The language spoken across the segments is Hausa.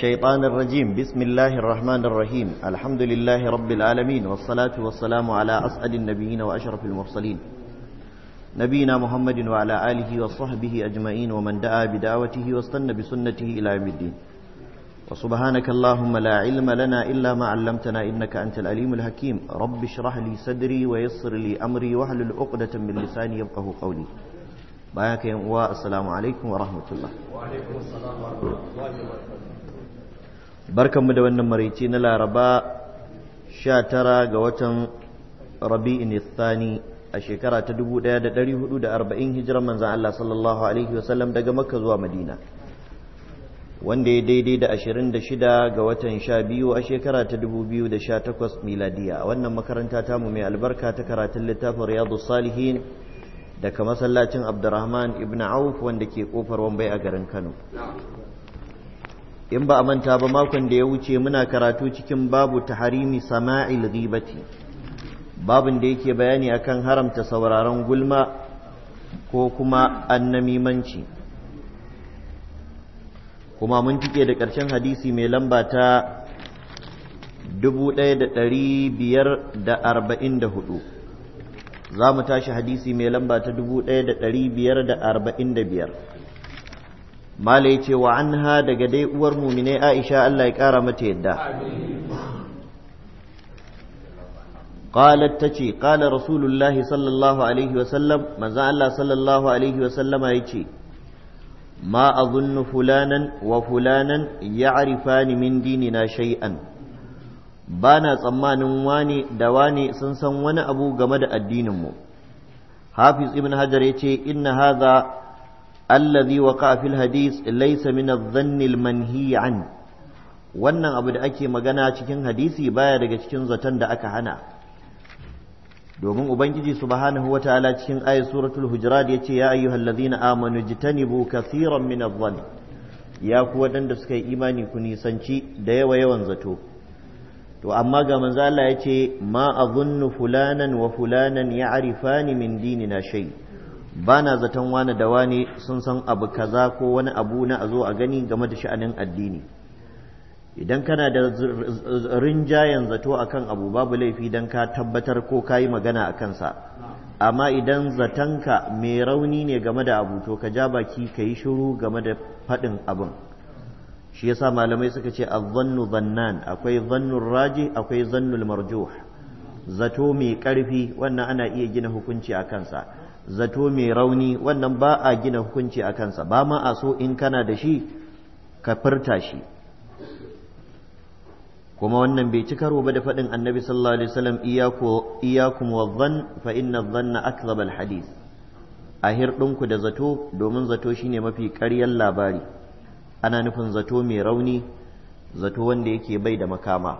الشيطان الرجيم بسم الله الرحمن الرحيم الحمد لله رب العالمين والصلاة والسلام على أسعد النبيين وأشرف المرسلين نبينا محمد وعلى آله وصحبه أجمعين ومن دعا بدعوته واستنى بسنته إلى يوم الدين وسبحانك اللهم لا علم لنا إلا ما علمتنا إنك أنت الأليم الحكيم رب اشرح لي صدري ويسر لي أمري واحلل عقدة من لساني يفقه قولي باياك يا السلام عليكم ورحمة الله وعليكم السلام ورحمة الله وبركاته mu da wannan maraice na laraba 19 ga watan rabi'in thani a shekara ta 1440 hijirar manzan Allah sallallahu alaihi wasallam daga makka zuwa madina wanda ya daidai da 26 ga watan 12 a shekara ta 2018 miladiya wannan makaranta tamu mai albarka ta karatun littafin riyadu salihin daga masallacin abdurrahman ibn auf wanda ke kofar wambai a garin kano in ba a manta ba makon da ya wuce muna karatu cikin babu taharimi sama'il ghibati babin da yake bayani akan haramta sauraron gulma ko kuma annamimanci kuma mun cike da ƙarshen hadisi mai lamba ta 1544 za mu tashi hadisi mai lamba ta 1545 malai ce wa an ha daga dai uwar mumine aisha Allah ya kara mata yadda ƙalar ta ce ƙalar rasulullahi sallallahu alaihi wasallam manzan Allah sallallahu alaihi wasallama ya ce ma a fulanan wa fulanan ya arifa ni min dinina shay'an ba tsammanin wani da wani sun san wani abu game da addininmu hafiz ibn hajar ya ce inna haza alladhi waqa fil hadith laysa min adh-dhanni wannan abu da ake magana cikin hadisi baya daga cikin zaton da aka hana domin ubangiji subhanahu wataala cikin ayat suratul hujurat yace ya ayyuhallazina amanu jitanibu kaseeran min adh-dhanni ya ku waɗanda suka yi imani ku nisanci da yawa yawan zato to amma ga manzo Allah yace ma adhunnu fulanan wa fulanan ya'rifani min dinina shay' ba na zaton wani da wani sun san abu kaza ko wani abu na a zo a gani game da sha'anin addini idan kana da rinjayen zato a kan abu babu laifi don ka tabbatar ko ka yi magana a kansa amma idan ka mai rauni ne game da abu to ka ja baki ka yi shiru game da faɗin abin shi yasa malamai suka ce azzannu zannan akwai zannun raji akwai zannul marjuh zato mai ƙarfi wannan ana iya gina hukunci a kansa zato mai rauni wannan ba a gina hukunci a kansa ba ma a so in kana da shi ka furta shi kuma wannan bai ci karo ba da faɗin annabi sallallahu alaihi wasallam iyakum wadhann fa inna dhanna akdhab alhadith a hirɗinku da zato domin zato shine mafi ƙaryar labari ana nufin zato mai rauni zato wanda yake bai da makama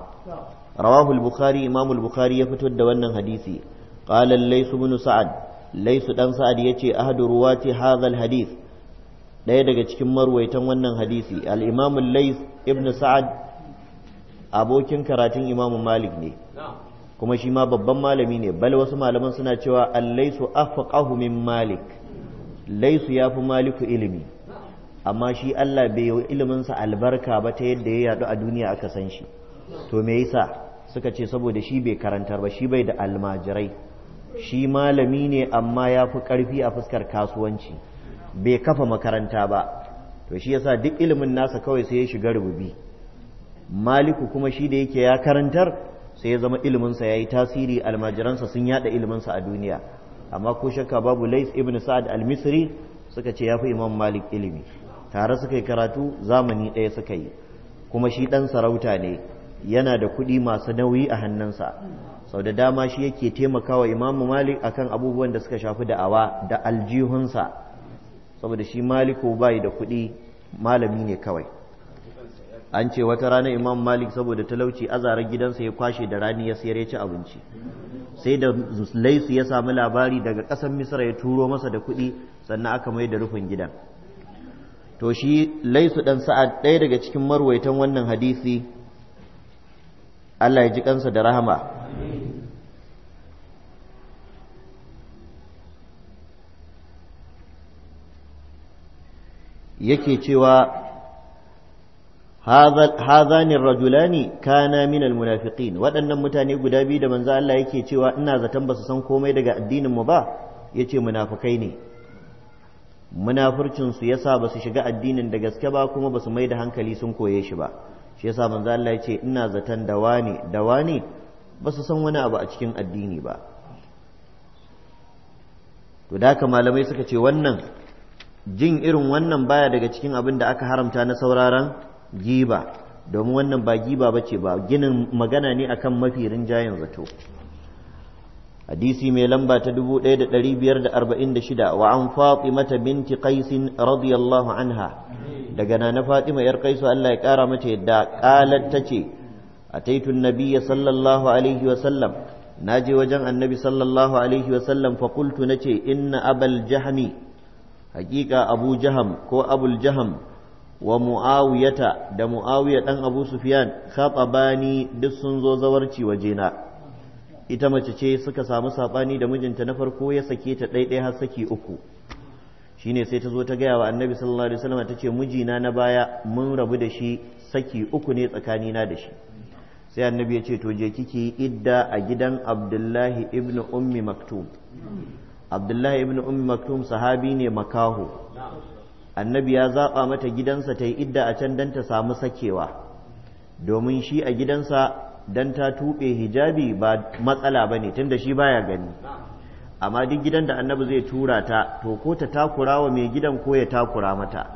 rawahu al-bukhari imam bukhari ya fitar da wannan hadisi qala al-layth sa'ad laisu dan sa'ad ya ce ahadu ruwati hadhal hadith ɗaya daga cikin marwaitan wannan hadisi al-imam lais ibn sa'ad abokin karatun imamu malik ne kuma shi ma babban malami ne bal wasu malaman suna cewa al-laisu min malik laisu ya fi maliku ilimi amma shi Allah bai yi iliminsa albarka ba ta yadda ya yadu a duniya aka san shi to me yasa suka ce saboda shi bai karantar ba shi bai da almajirai shi malami ne amma ya fi ƙarfi a fuskar kasuwanci bai kafa makaranta ba to shi yasa duk ilimin nasa kawai sai ya shiga rububi maliku kuma shi da yake ya karantar sai ya zama iliminsa ya yi tasiri almajiransa sun yada iliminsa a duniya amma ko shakka babu lais ibn sa'ad al-misri suka ce ya fi imam malik ilimi tare suka yi karatu zamani ɗaya suka yi kuma shi ɗan sarauta ne yana da kuɗi masu nauyi a hannunsa sau da dama shi yake taimakawa imamu malik akan abubuwan da suka shafi da'awa da aljihunsa saboda shi maliku bai da kuɗi malami ne kawai an ce wata rana imam malik saboda talauci azarar gidansa ya kwashe da rani ya sayar ya ci abinci sai da laisu ya sami labari daga ƙasar misra ya turo masa da kuɗi sannan aka mai da rufin gidan to shi laisu ɗan sa'ad ɗaya daga cikin marwaitan wannan hadisi Allah ya ji kansa da rahama yake cewa hazani rajulani kana min almunafiqin waɗannan mutane guda biyu da manzo Allah yake cewa ina zaton ba su san komai daga addinin mu ba yace munafukai ne munafurcin su yasa su shiga addinin da gaske ba kuma basu mai da hankali sun koye shi ba shi yasa manzo Allah ya ce ina zaton dawani dawani ba su san wani abu a cikin addini ba to da haka malamai suka ce wannan jin irin wannan baya daga cikin abin da aka haramta na sauraron giba domin wannan ba giba bace ba ginin magana ne akan mafi rinjayen zato hadisi mai lamba ta 1546 wa an fatimata binti qais radiyallahu anha daga nana fatima yar kaisu Allah ya kara mata yadda qalat tace ataitu nabiyya sallallahu alaihi wa wajen annabi sallallahu alaihi wa fa qultu nace inna abal jahmi hakika abu ko abuljaham wa mu'awiyata da mu'awiya dan abu kaba bani duk sun zo zawarci wajena ita mace ce suka samu saɓani da mijinta na farko ya sake ta ɗaiɗai har saki uku shine sai ta zo ta gaya wa annabi sallallahu alaihi wasallam ta ce mijina na baya mun rabu da shi saki uku ne tsakanina da shi sai annabi ya ce to je kiki idda a gidan abdullahi ibn ummi maktum abdullahi ibn ummi maktum sahabi ne makaho annabi ya zaɓa mata gidansa ta yi idda a can don ta samu sakewa domin shi a gidansa dan ta tuɓe hijabi ba matsala ba ne tunda shi baya gani amma duk gidan da annabi zai tura ta to ko ta takura wa mai gidan ko ya takura mata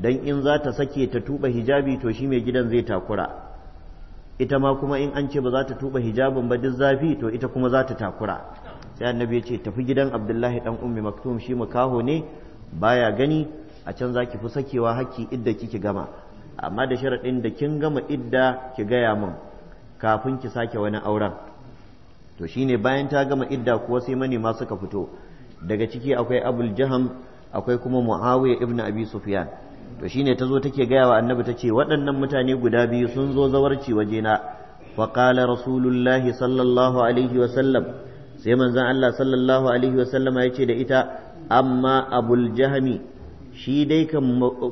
dan in za ta sake ta tuba hijabi to shi mai gidan zai takura ita ma kuma in an ce ba za ta tuɓa hijabin ba duk zafi to ita kuma za ta takura sai annabi ya ce tafi gidan abdullahi dan ummi maktum shi makaho ne baya gani a can za ki fi sakewa hakki idda kike gama amma da sharaɗin da kin gama idda ki gaya mun kafin ki sake wani auren to shine bayan ta gama idda kuwa sai manema suka fito daga ciki akwai abul jaham akwai kuma muawiya ibn abi sufyan to shine tazo take gaya wa annabi tace waɗannan mutane guda biyu sun zo zawarci wajena fa qala rasulullahi sallallahu alaihi wa sallam sai manzon Allah sallallahu alaihi wa sallama yace da ita amma abul shi dai kan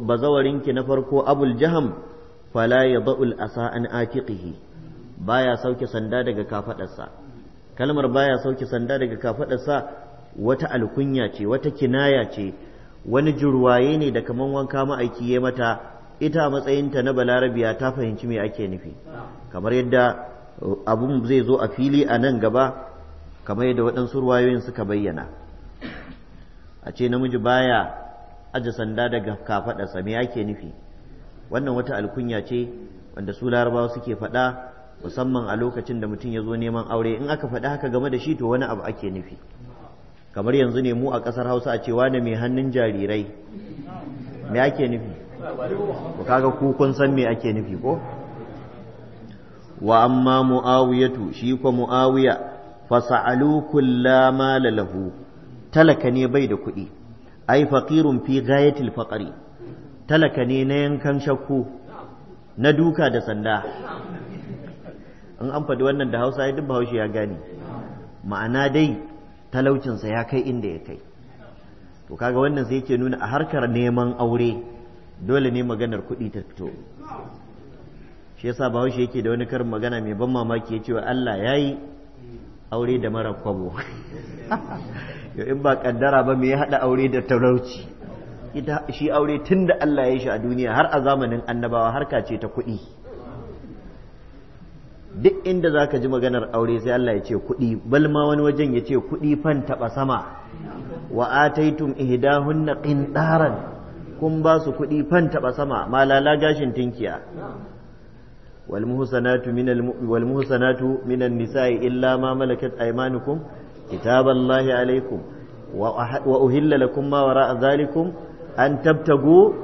bazawarinki na farko abul jaham fala yadul asa an atiqihi baya sauke sanda daga kafadarsa kalmar baya sauke sanda daga kafadarsa wata alkunya ce wata kinaya ce wani jurwaye ne da kaman wanka ma'aiki ya mata ita a matsayinta na balarabiya ta fahimci me ake nufi kamar yadda uh, abun zai zo a fili a nan gaba kamar yadda waɗansu ruwayoyin suka bayyana a ce namiji baya aje sanda daga kafaɗarsa me ake nufi wannan wata alkunya ce wanda su larabawa suke faɗa musamman a lokacin da mutum ya zo neman aure in aka faɗi haka game da shi to wani abu ake nufi kamar yanzu ne mu a ƙasar hausa a cewa da mai hannun jarirai me ake nufi ko kaga ku kun san me ake nufi ko wa amma mu'awiyatu shi kwa mu'awiya fasa'alu kulla mala lalahu talaka ne bai da kuɗi ai faqirun fi ghayatil faqri talaka ne na yankan shakku na duka da sanda An an faɗi wannan da hausa ya duk bahaushe ya gane ma'ana dai talaucinsa ya kai inda ya kai to kaga wannan sai yake nuna a harkar neman aure dole ne maganar kuɗi ta fito shi yasa bahaushe yake da wani karin magana mai ban mamaki ya wa Allah ya yi aure da mara kwabo yau in ba kaddara ba me ya haɗa aure da talauci shi aure tun da Allah ya shi a duniya har a zamanin annabawa harka ce ta kuɗi duk inda za ka ji maganar aure sai Allah ya ce kuɗi balma wani wajen ya ce kuɗi fan taɓa sama wa ataitum ihdahunna qindaran kun ba su kuɗi fan taɓa sama malala gashin tinkiya wal muhsanatu minan nisa'i illa ma malakat aymanukum kitaballahi alaikum wa uhilla lakum ma wara'a dhalikum an tabtagu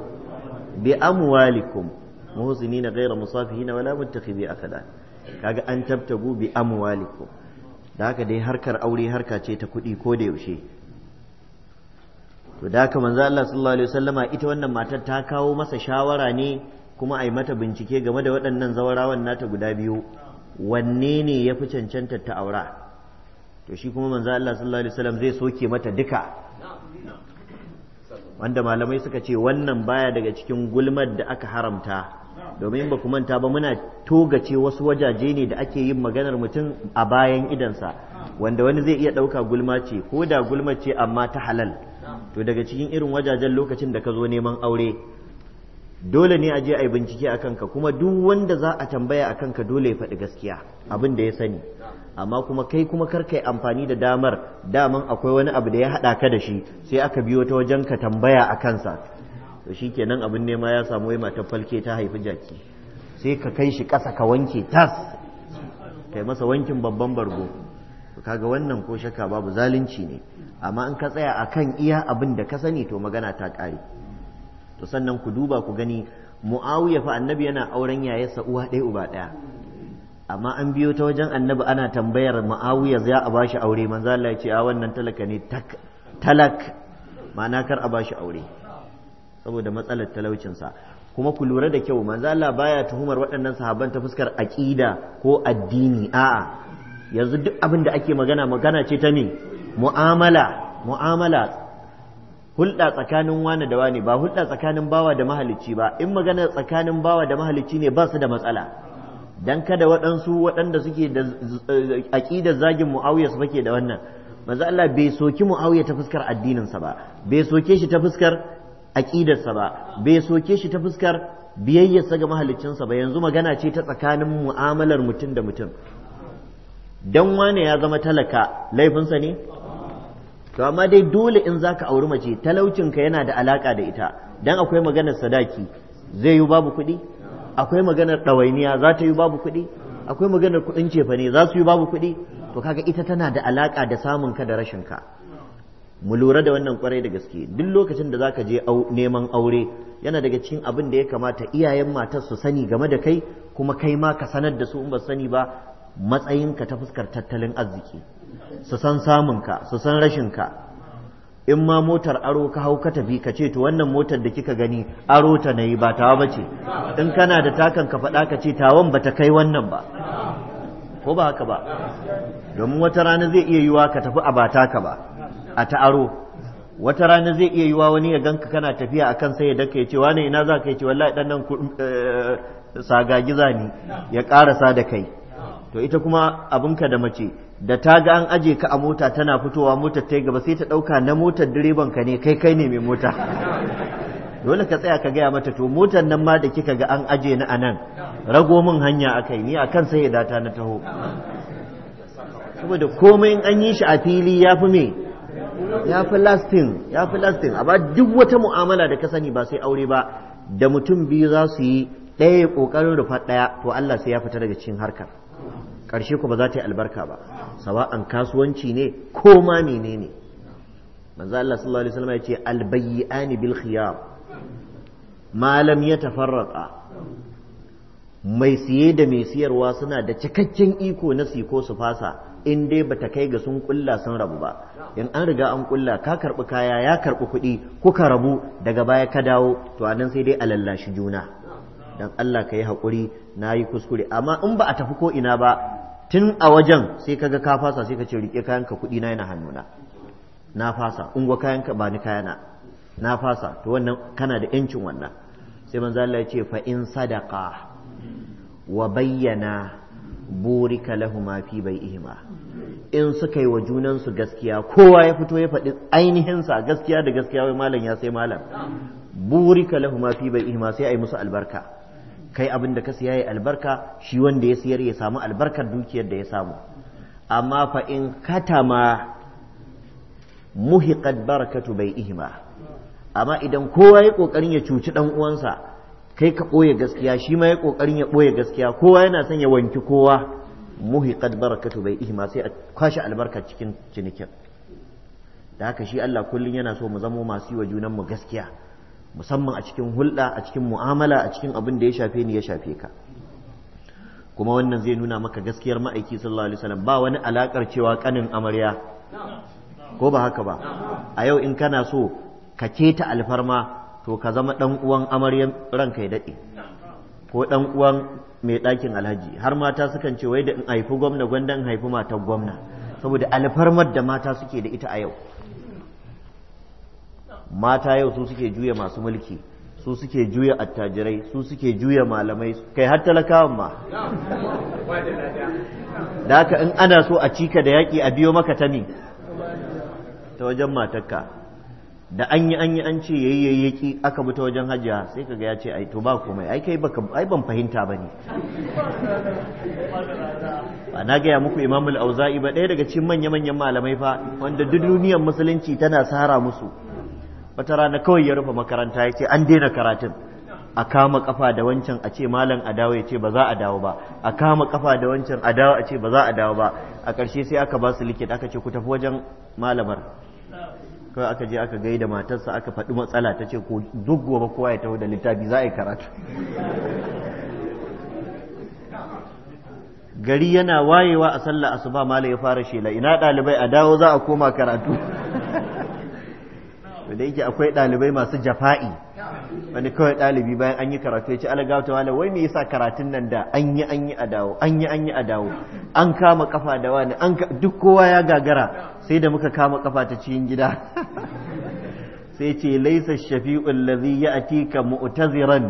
bi amwalikum muhsinina ghayra musafihin wala muttakhidhi akhdan kaga an tabtagu bi amwalikum da haka dai harkar aure harka ce ta kuɗi ko da yaushe to da haka manzo Allah sallallahu alaihi wasallama ita wannan matar ta kawo masa shawara ne kuma ai mata bincike game da waɗannan zawarawan nata guda biyu wanne ne ya fi cancantar ta aura to shi kuma manzo Allah sallallahu alaihi wasallam zai soke mata duka wanda malamai suka ce wannan baya daga cikin gulmar da aka haramta domin ba ku manta ba muna togace wasu wajaje ne da ake yin maganar mutum a bayan idansa wanda wani zai iya ɗauka gulma ce ko da gulma ce amma ta halal to daga cikin irin wajajen lokacin da ka zo neman aure dole ne a je a yi bincike a kanka kuma duk wanda za a tambaya a kanka dole ya faɗi gaskiya abin da ya sani amma kuma kai kuma yi amfani da damar daman akwai wani abu da ya haɗa ka da shi sai aka biyo ta wajen ka tambaya a kansa to shi nan abin nema ya samu ya matar falke ta haifi jaki sai ka kai shi ƙasa ka wanke tas kai masa wankin babban bargo kaga wannan ko shaka babu zalunci ne amma in ka tsaya kan iya abin da ka sani to magana ta ƙare to sannan ku duba ku gani mu'awiya fa annabi yana auren yayarsa uwa ɗaya uba ɗaya amma an biyo ta wajen annabi ana tambayar mu'awiya za a bashi aure manzo Allah ya ce a wannan talaka ne talak ma'ana kar a bashi aure saboda matsalar talaucinsa kuma ku lura da kyau manzo Allah baya tuhumar waɗannan sahabban ta fuskar aqida ko addini a'a yanzu duk abin da ake magana magana ce ta me mu'amala mu'amala hulɗa tsakanin wani da wani ba hulɗa tsakanin bawa da mahalicci ba in magana tsakanin bawa da mahalicci ne ba su da matsala dan kada waɗansu waɗanda suke da aƙidar zagin mu'awiya su fake da wannan manzo Allah bai soki mu'awiya ta fuskar addininsa ba bai soke shi ta fuskar aƙidarsa ba bai soke shi ta fuskar biyayyarsa ga mahaliccinsa ba yanzu magana ce ta tsakanin mu'amalar mutum da mutum dan wane ya zama talaka laifinsa ne to amma dai dole in zaka auri mace ka yana da alaka da ita dan akwai maganar sadaki zai yi babu kuɗi akwai maganar ɗawainiya za ta yi babu kuɗi akwai maganar kuɗin cefane za su yi babu kuɗi to kaga ita tana da alaka da samun ka da rashin ka mu lura da wannan kwarai da gaske duk lokacin da zaka je neman aure yana daga cikin abin da ya kamata iyayen matar su sani game da kai kuma kai ma ka sanar da su in ba sani ba matsayinka ta fuskar tattalin arziki su san samunka su san rashinka in ma motar aro ka hau ka tafi ka ce to wannan motar da kika gani aro ta nayi ba tawa bace in kana da takan ka faɗa ka ce tawan bata kai wannan ba ko ba haka ba domin wata rana zai iya yiwa ka tafi a ba taka ba a ta'aro wata rana zai iya yiwa wani ya ganka kana tafiya akan sai ya daka ya ce wane ina za ka yi ce wallahi dan nan eh, sagagiza ne ya karasa da kai to ita kuma abinka da mace da ta ga an aje ka a mota tana fitowa motar ta gaba sai ta ɗauka na motar direban ka ne kai kai ne mai mota dole ka tsaya ka gaya mata to motar nan ma da kika ga an aje ni a nan rago min hanya a akai ni kan sai ya data na taho saboda komai in an yi shi a fili ya fi me ya fi lastin ya fi a ba duk wata mu'amala da ka sani ba sai aure ba da mutum biyu za su yi ɗaya ƙoƙarin rufa ɗaya to Allah sai ya fita daga cikin harkar ƙarshe ku ba za ta yi albarka ba sawa'an kasuwanci ne ko ma menene ne manzo Allah sallallahu alaihi wasallam ya ce albayyani bil khiyar ma lam yatafarraqa mai siye da mai siyarwa suna da cikakken iko na siko su fasa in dai bata kai ga sun kulla sun rabu ba in an riga an kulla ka karbi kaya ya karbi kuɗi kuka rabu daga baya ka dawo to a nan sai dai a lallashi juna dan Allah ka yi hakuri na yi kuskure amma in ba a tafi ko ina ba tun a wajen sai kaga ka fasa sai ka ce rike kayanka kuɗi na yana hannuna na fasa kayan kayanka ba ni kayana na fasa to wannan kana da yancin wannan sai manzo Allah ya ce fa in sadaqa wa bayyana burika lahuma fi bai'ihima in suka yi wa junansu gaskiya kowa ya fito ya faɗi ainihinsa gaskiya da gaskiya wai malam ya sai malam burika lahuma fi bai'ihima sai a musu albarka kai abin da ka siya ya albarka shi wanda ya siyar ya samu albarkar dukiyar da ya samu amma fa in katama muhiqat barakatu bai'ihima amma idan kowa ya kokarin ya cuci dan uwansa kai ka ɓoye gaskiya shi ma ya ƙoƙarin ya ɓoye gaskiya kowa yana son ya wanki kowa muhiqat barakatu bai ihma sai a kwashe albarka cikin cinikin da haka shi Allah kullum yana so mu zamo masu yi wa junan mu gaskiya musamman a cikin hulɗa a cikin mu'amala a cikin abin da ya shafe ni ya shafe ka kuma wannan zai nuna maka gaskiyar ma'aiki sallallahu alaihi wasallam ba wani alakar cewa kanin amarya ko ba haka ba a yau in kana so ka keta alfarma to ka zama ɗan uwan amaryan ranka ya daɗe ko ɗan uwan mai ɗakin alhaji har mata sukan ce wai da in haifi gwamna gwanda in haifi matan gwamna saboda alfarmar da mata suke da ita a yau mata yau su suke juya masu mulki su suke juya attajirai su suke juya malamai kai har talakawan ma da haka in ana so a cika da yaƙi a biyo maka ta ne ta wajen matakka. da an yi an yi an ce yayyayyaki aka bi wajen hajiya sai kaga ya ce ai to ba komai ai kai baka ai ban fahimta bane ba na gaya muku imamu al-Auza'i ba ɗaya daga cikin manya manyan malamai fa wanda duk duniyar musulunci tana sahara musu wata rana kawai ya rufe makaranta ya ce an daina karatun a kama kafa da wancan a ce malam a dawo ya ce ba za a dawo ba a kama kafa da wancan a dawo a ce ba za a dawo ba a ƙarshe sai aka ba su likit aka ce ku tafi wajen malamar kawai aka je aka gaida matarsa aka faɗi matsala ta ce ko duk gobe kowa ya taho da littafi za a yi karatu gari yana wayewa a sallah asuba mala ya fara shela ina ɗalibai a dawo za a koma karatu da yake akwai ɗalibai masu jafa'i wani kawai ɗalibi bayan an yi karatu ya ci alagawta wala wai me yasa karatun nan da an yi an yi a dawo an yi an yi a dawo an kama kafa da wani duk kowa ya gagara sai da muka kama kafa ta cikin gida sai ce laisa shafi'u allazi atika mu'taziran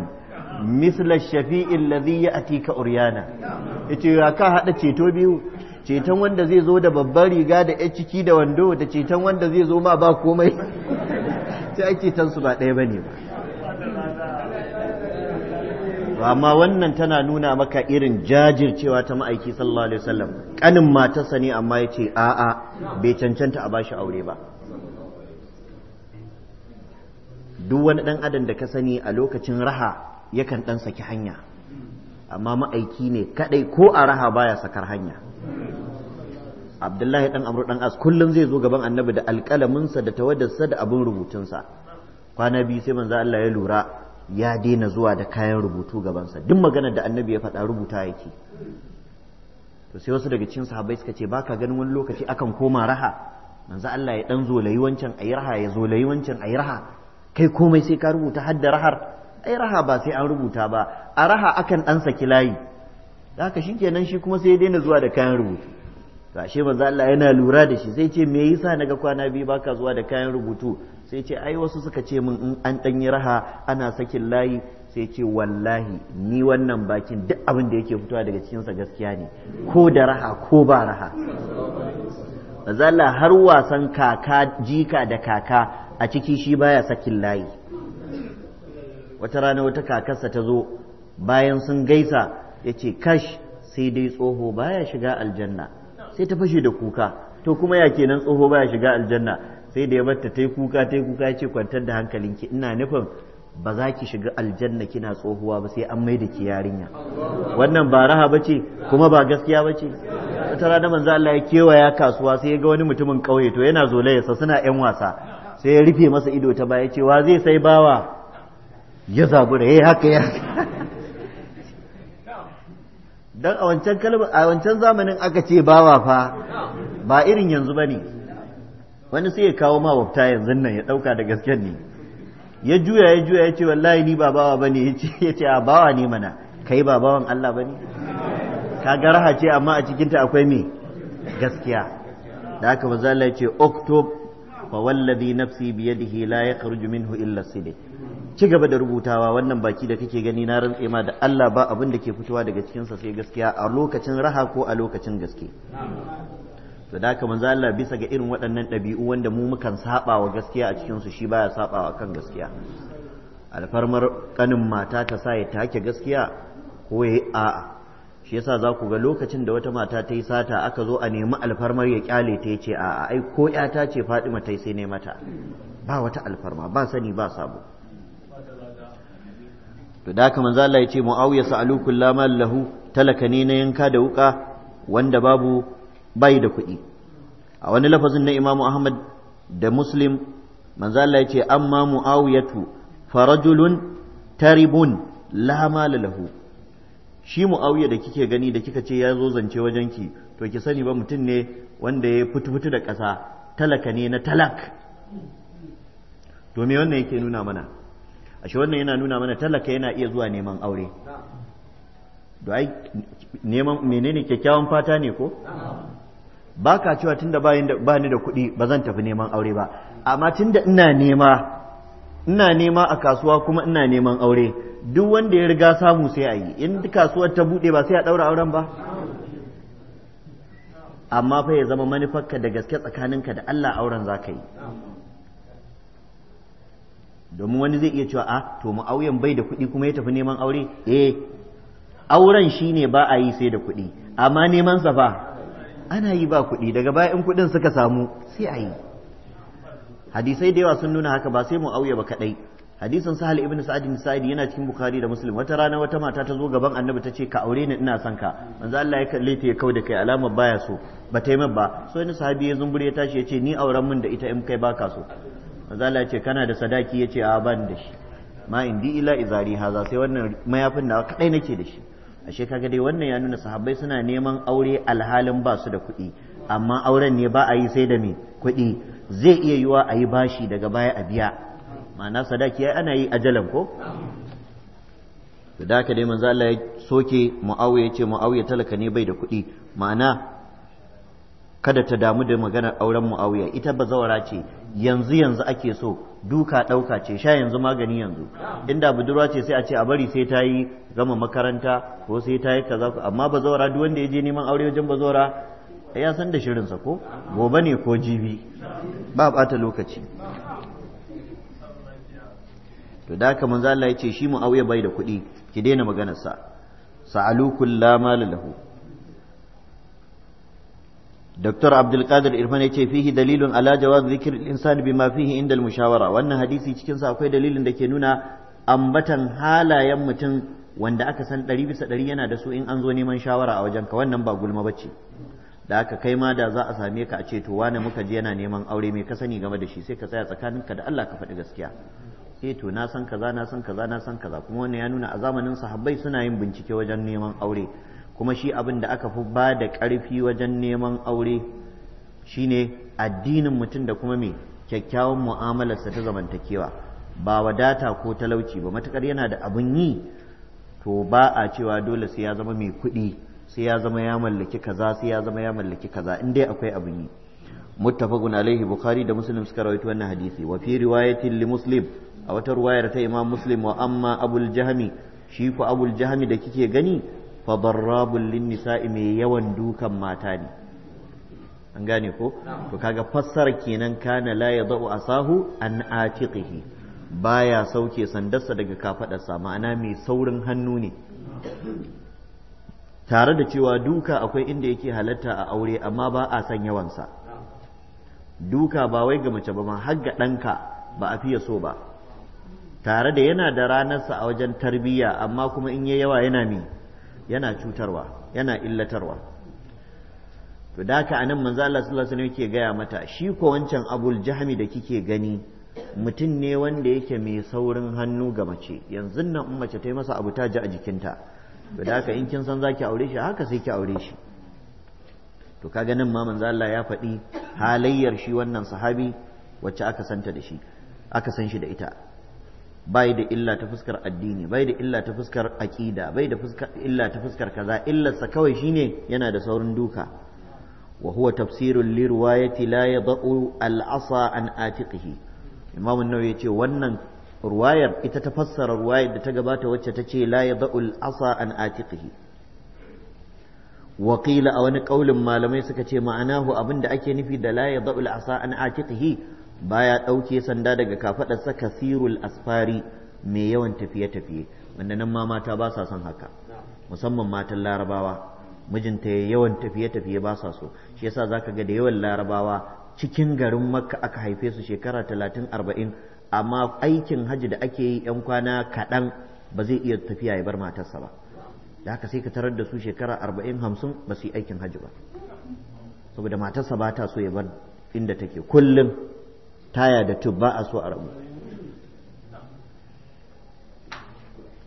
misla shafi'i allazi ya'tika uryana yace ya ka hada ceto biyu ceton wanda zai zo da babbar riga da ya ciki da wando da ceton wanda zai zo ma ba komai sai ake tan su ba ɗaya bane ba amma wannan tana nuna maka irin jajircewa ta ma'aiki sallallahu alaihi wasallam kanin matarsa ne amma ya ce a'a bai cancanta a bashi aure ba duk wani ɗan adam da ka sani a lokacin raha yakan ɗan saki hanya amma ma'aiki ne kaɗai ko a raha baya sakar hanya abdullahi ɗan amru dan as kullum zai zo gaban annabi da alkalaminsa da tawadarsa da abin rubutunsa kwana biyu sai manzo Allah ya lura ya daina zuwa da kayan rubutu gabansa duk maganar da annabi ya faɗa rubuta yake to sai wasu daga cikin sahabbai suka ce baka ganin wani lokaci akan koma raha manzo Allah ya dan zolayi wancan ayi raha ya zolayi wancan ayi raha kai komai sai ka rubuta hadda rahar ai raha ba sai an rubuta ba a raha akan dan saki layi haka shikenan shi kuma sai ya daina zuwa da kayan rubutu to ashe manzo Allah yana lura da shi sai ce me yasa naga kwana biyu baka zuwa da kayan rubutu sai ce ai wasu suka ce min in an dan yi raha ana sakin layi sai ce wallahi ni wannan bakin duk abin da yake fitowa daga cikinsa gaskiya ne ko da raha ko ba raha zalla har wasan kaka jika da kaka a ciki shi baya sakin layi wata rana wata kakarsa ta zo bayan sun gaisa ya ce kash sai dai tsoho baya shiga aljanna sai ta fashe da kuka to kuma ya kenan tsoho baya shiga aljanna sai da ya batta ta yi kuka ta yi kuka ce kwantar da hankalinki ina nufin ba za ki shiga aljanna kina tsohuwa ba sai an mai da ki yarinya wannan ba raha ba ce kuma ba gaskiya ba ce ta rana manzo Allah ya kewaya kasuwa sai ya ga wani mutumin kauye to yana zolayarsa suna yan wasa sai ya rufe masa ido ta baya ce wa zai sai bawa ya zabura yayi eh, haka ya dan a wancan kalmar a wancan zamanin aka ce bawa fa ba irin yanzu bane wani sai ya kawo ma wafta yanzu nan ya dauka da gaskiya ne ya juya ya juya ya ce wallahi ni ba bawa bane ya ce a bawa ne mana kai ba bawan Allah bane ka raha ce amma a cikin ta akwai me gaskiya da haka manzo Allah ya ce oktob fa wallazi nafsi yadihi la yakhruju minhu illa sidi ci gaba da rubutawa wannan baki da kake gani na rantse ma da Allah ba abin da ke fitowa daga sa sai gaskiya a lokacin raha ko a lokacin gaske to da manzo Allah bisa ga irin waɗannan ɗabi'u wanda mu mukan saba wa gaskiya a cikin su shi baya saba wa kan gaskiya alfarmar kanin mata ta sa ya take gaskiya ko ya a'a shi yasa za ku ga lokacin da wata mata ta yi sata aka zo a nemi alfarmar ya kyale ta ce a ai ko ta ce Fadima ta yi sai ne mata ba wata alfarma ba sani ba sabo to da haka manzo Allah ya ce Muawiya sa'alu lahu talaka ne na yanka da wuka wanda babu bai da kuɗi a wani lafazin na imamu ahmad da muslim manzo Allah ya ce amma muawiyatu farajulun taribun la mala lahu shi muawiya da kike gani da kika ce ya zo zance wajenki, to ki sani ba mutum ne wanda ya fitu da ƙasa talaka ne na talak to me wannan yake nuna mana ashe wannan yana nuna mana talaka yana iya zuwa neman aure do ai neman menene kyakkyawan fata ne ko ba ka cewa da ba ni da kuɗi ba zan tafi neman aure ba amma da ina nema ina nema a kasuwa kuma ina neman aure duk wanda ya riga samu sai a yi in kasuwar ta buɗe ba sai a ɗaura auren ba amma fa ya zama manufarka da gaske tsakaninka da Allah auren za ka yi domin wani zai iya cewa a ah, to mu auyen bai da kuɗi kuma ya tafi neman aure eh auren shine ba a yi sai da kuɗi amma neman safa fa ana yi ba kuɗi daga baya in kuɗin suka samu sai a yi hadisai da yawa sun nuna haka ba sai mu auya ba kaɗai hadisin sahal ibn sa'ad bin sa'id yana cikin bukhari da muslim wata rana wata mata ta zo gaban annabi ta ce ka aure ni ina son ka manzo Allah ya kalle ta ya da kai alamar baya so ba ta yi ba so wani sahabi ya zumbure ya tashi ya ce ni auren min da ita in kai baka so manzo Allah ya ce kana da sadaki ya ce a ban da shi ma indi ila izari haza sai wannan mayafin da kaɗai nake da shi ashe kaga dai wannan ya nuna sahabbai suna neman aure alhalin ba su da kuɗi amma auren ne ba a yi sai da mai kuɗi zai iya yiwa a yi bashi daga baya a biya ma'ana sadaki ya ana yi ajalan ko da haka dai manzo Allah ya soke Muawiya ce Muawiya talaka ne bai da kuɗi ma'ana kada ta damu da maganar auren Muawiya ita bazawara ce yanzu yanzu ake so duka ɗauka ce sha yanzu magani yanzu inda budurwa ce sai a ce a bari sai ta yi gama makaranta ko sai ta yi kaza amma bazawara duk wanda ya je neman aure wajen bazawara ya san da shirinsa ko gobe ne ko jibi ba bata lokaci to da haka manzo ya ce shi mu auya bai da kuɗi ki daina maganarsa sa'alu kullama lahu Dr. Abdulkadir Irfan ya ce fihi dalilun ala jawaz zikir insani bima fihi inda mushawara wannan hadisi cikin sa akwai dalilin da ke nuna ambatan halayen mutum wanda aka san ɗari bisa ɗari yana da su in an zo neman shawara a wajenka wannan ba gulma bace da aka kai ma da za a same ka a ce to wane muka ji yana neman aure mai ka sani game da shi sai ka tsaya tsakaninka da Allah ka faɗi gaskiya eh to na san kaza na san kaza na san kaza kuma wannan ya nuna a zamanin sahabbai suna yin bincike wajen neman aure kuma shi abin da aka fi ba da ƙarfi wajen neman aure shine addinin mutum da kuma mai kyakkyawan mu'amalarsa ta zamantakewa ba wadata ko talauci ba matuƙar yana da abin yi to ba a cewa dole sai ya zama mai kuɗi sai ya zama ya mallaki kaza sai ya zama ya mallaki kaza in dai akwai abin yi muttafaqun alaihi bukhari da muslim suka rawaito wannan hadisi wa fi riwayatin li muslim a wata ruwayar ta imam muslim wa amma abul jahmi shi ko abul jahmi da kike gani fa darrabul mai yawan dukan mata ne an gane ko to kaga fassara kenan kana la yadau asahu an atiqihi baya sauke sandarsa daga kafadarsa ma'ana mai saurin hannu ne tare da cewa duka akwai inda yake halatta a aure amma ba a san yawansa duka ba wai ga mace ba ma har ga ɗanka ba a fiye so ba tare da yana da ranarsa a wajen tarbiyya amma kuma in yi yawa yana mai yana cutarwa yana illatarwa to da haka anan manzo Allah sallallahu alaihi yake gaya mata shi ko wancan abul jahmi da kike gani mutum ne wanda yake mai saurin hannu ga mace yanzu nan in mace ta yi masa abu ta ji a jikinta to da haka in kin san zaki aure shi haka sai ki aure shi to kaga nan ma manzo Allah ya faɗi halayyar shi wannan sahabi wacce aka santa da shi aka san shi da ita bai da illa ta fuskar addini bai da illa ta fuskar aqida bai da illa ta fuskar kaza illarsa kawai shine yana da saurin duka wa huwa tafsirul li riwayati la yadau al asa an atiqihi imam an ya yace wannan ruwayar ita ta fassara ruwayar da ta gabata wacce ta ce la yadau al asa an atiqihi wa qila a wani kaulin malamai suka ce ma'anahu abinda ake nufi da la yadau al asa an atiqihi baya ɗauke sanda daga kafaɗarsa kasirul asfari mai yawan tafiye-tafiye wanda nan ma mata ba sa son haka musamman matan larabawa mijinta ya yawan tafiye-tafiye ba sa so shi yasa zaka ga da yawan larabawa cikin garin makka aka haife su shekara talatin arba'in amma aikin hajji da ake yi yan kwana kaɗan ba zai iya tafiya ya bar matarsa ba da haka sai ka tarar da su shekara arba'in hamsin ba su yi aikin hajji ba saboda matarsa ba ta so ya bar inda take kullum taya da tub ba a so a rabu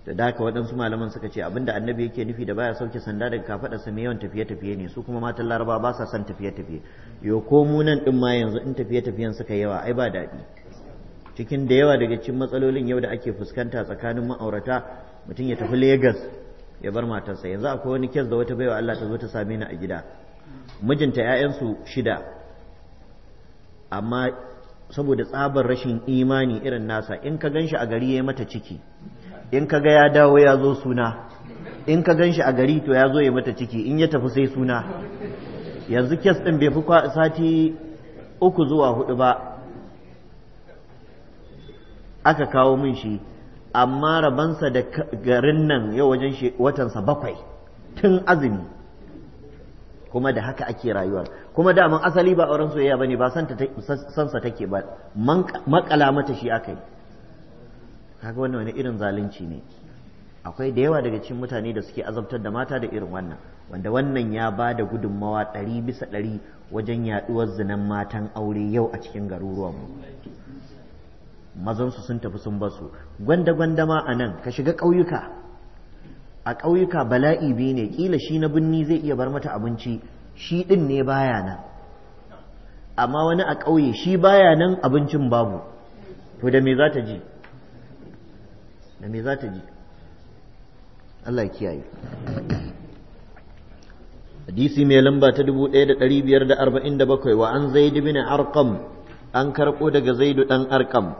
da daka waɗansu malaman suka ce abinda annabi yake nufi da baya sauke sanda daga kafaɗarsa mai yawan tafiye-tafiye ne su kuma matan laraba ba sa son tafiye-tafiye yo ko mu nan ɗin ma yanzu in tafiye-tafiyen suka yawa ai ba daɗi cikin da yawa daga cikin matsalolin yau da ake fuskanta tsakanin ma'aurata mutum ya tafi Legas ya bar matarsa yanzu akwai wani kes da wata baiwa Allah ta zo ta same ni a gida mijinta 'ya'yansu shida amma saboda tsabar rashin imani irin nasa in ka ganshi a gari ya mata ciki in ka ga ya dawo ya zo suna in ka ganshi a gari to ya zo ya mata ciki in ya tafi sai suna yanzu kes ɗin bai fi sati uku zuwa hudu ba aka kawo min shi amma rabansa da garin nan yau wajen watansa bakwai tun azumi kuma da haka ake rayuwar. kuma daman asali ba auren soyayya bane ba san sansa take ba makala mata shi akai kaga wannan wani irin zalunci ne akwai da yawa daga cikin mutane da suke azabtar da mata da irin wannan wanda wannan ya ba da gudunmawa ɗari bisa ɗari wajen yaɗuwar zinan matan aure yau a cikin garuruwanmu mazansu sun tafi sun basu gwanda-gwanda ma a nan ka shiga ƙauyuka a ƙauyuka bala'i biyu ne ƙila shi na binni zai iya bar mata abinci shi ɗin ne baya nan amma wani a ƙauye shi baya nan abincin babu to da me za ta ji da me za ta ji Allah ya kiyaye hadisi mai lamba ta 1547 wa an zaid bin arqam an karɓo daga zaidu dan arqam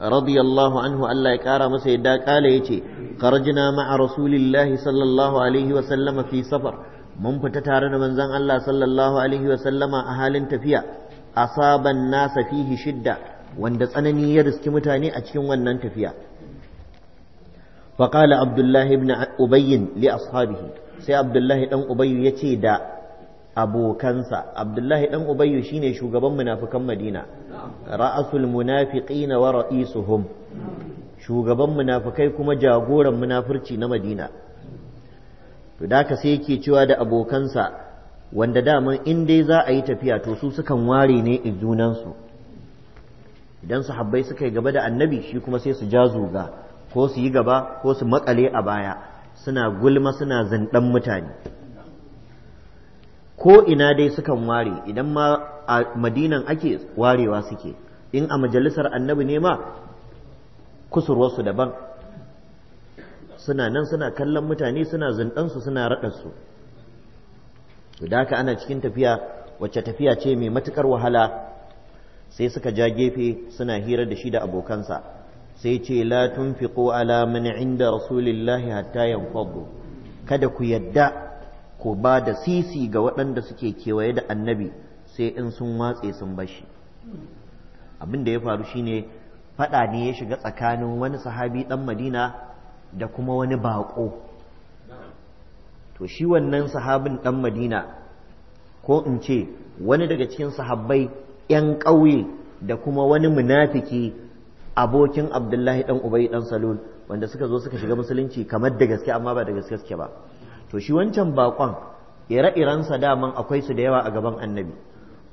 radiyallahu anhu Allah ya kara masa yadda kala yace kharajna ma'a rasulillahi sallallahu alaihi wa sallama fi safar mun fita tare da manzan Allah sallallahu alaihi a halin tafiya a asaban nasa fihi shidda wanda tsanani ya riski mutane a cikin wannan tafiya faqala abdullahi ibn ubayy li ashabihi sai abdullahi dan Ubayu ya ce da abokansa abdullahi dan ubayy shine shugaban munafikan madina ra'asul munafiqina wa ra'isuhum shugaban munafikai kuma jagoran munafurci na madina to da haka sai yake cewa da abokansa wanda daman in dai za a yi tafiya to su sukan ware ne junansu idan sahabbai suka yi gaba da annabi shi kuma sai su ja zuga ko su yi gaba ko su makale a baya suna gulma suna zindan mutane ko ina dai sukan ware idan ma a madinan ake warewa suke in a majalisar annabi ne ma kusurwarsu daban suna nan suna kallon mutane suna su suna raɗarsu su da haka ana cikin tafiya wacce tafiya ce mai matuƙar wahala sai suka ja gefe suna hira da shi da abokansa sai ce la tunfiqu ala man inda rasulillahi hatta yanfadu kada ku yadda ku ba da sisi ga waɗanda suke kewaye da annabi sai in sun watse sun bashi abin da ya faru shine faɗa ne ya shiga tsakanin wani sahabi ɗan madina da kuma wani baƙo to shi wannan sahabin ɗan madina ko in ce wani daga cikin sahabbai 'yan ƙauye da kuma wani munafiki abokin abdullahi ɗan ubai ɗan salul wanda suka zo suka shiga musulunci kamar da gaske amma ba da gaske suke ba to shi wancan baƙon ire-irensa daman akwai su da yawa a gaban annabi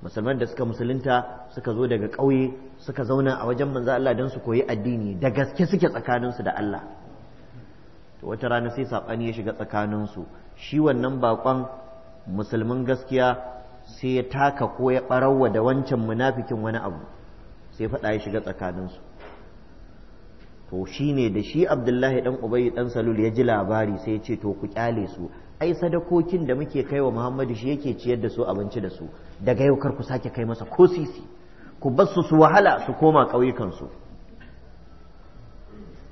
musulman da suka musulunta suka zo daga ƙauye suka zauna a wajen manzo Allah don su koyi addini da gaske suke tsakaninsu da Allah wata rana sai saɓani ya shiga tsakaninsu shi wannan baƙon musulmin gaskiya sai ya taka ko ya ɓarawa da wancan munafikin wani abu sai faɗa ya shiga tsakaninsu to shi ne da shi abdullahi ɗan ubayi ɗan salul ya ji labari sai ya ce to ku ƙyale su ai sadakokin da muke kai wa muhammadu shi yake ciyar da su abinci da su daga yau kar ku sake kai masa ko sisi ku bar su su wahala su koma ƙauyukansu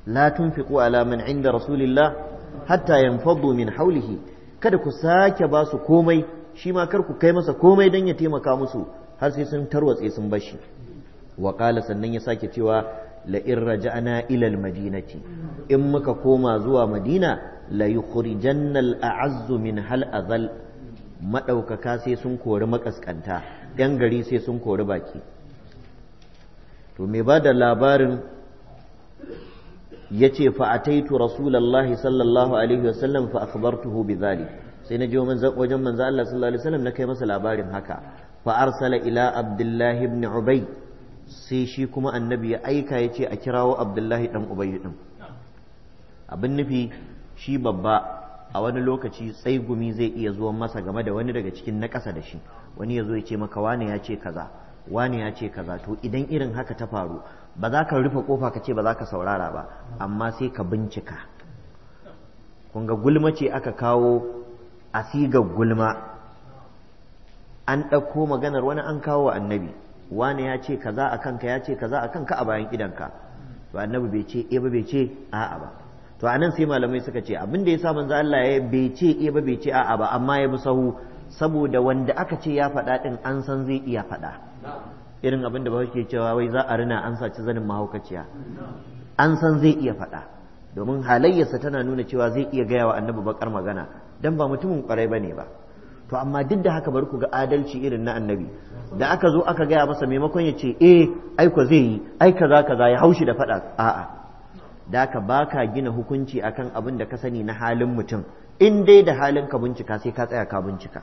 la tunfiqu ala man inda rasulillah hatta yanfaddu min haulihi kada ku sake ba su komai shi ma kar ku kai masa komai dan ya taimaka musu har sai sun tarwatse sun bashi wa qala sannan ya sake cewa la in raja'na ila madinati in muka koma zuwa madina la yukhrijanna al-a'azzu min hal azal madaukaka sai sun kori makaskanta yan gari sai sun kori baki to me ba da labarin yace fa ataitu rasulullahi sallallahu alaihi wasallam fa akhbartuhu bidhalik sai na je wajen manzo Allah sallallahu alaihi wasallam na kai masa labarin haka fa arsala ila abdullahi ibn ubay sai shi kuma annabi ya aika yace a kirawo abdullahi dan ubay din abin nufi shi babba a wani lokaci tsaigumi zai iya zuwa masa game da wani daga cikin na ƙasa da shi wani ya zo ya ce maka wane ya ce kaza wane ya ce kaza to idan irin haka ta faru ba za ka rufe kofa ka ce ba za ka saurara ba amma sai ka bincika Kunga gulma ce aka kawo a siga gulma an ɗauko maganar wani an kawo annabi wani ya ce kaza a kanka ya ce kaza a kanka a bayan idanka to annabi bai ce e ba bai ce a'a ba to anan sai malamai suka ce abin da ya sa manzo Allah ya bai ce e ba bai ce a'a ba amma ya bi sahu saboda wanda aka ce ya faɗa ɗin an san zai iya faɗa irin abin da ba ke cewa wai za a rina an sace zanin mahaukaciya an san zai iya faɗa domin halayyarsa tana nuna cewa zai iya gaya wa annabi bakar magana dan ba mutumin kwarai bane ba to amma duk da haka bari ku ga adalci irin na annabi da aka zo aka gaya masa maimakon ya ce e, ai zai yi ai kaza kaza ya haushi da faɗa a'a da ba baka gina hukunci akan abin da ka sani na halin mutum in dai da halin ka bincika sai ka tsaya ka bincika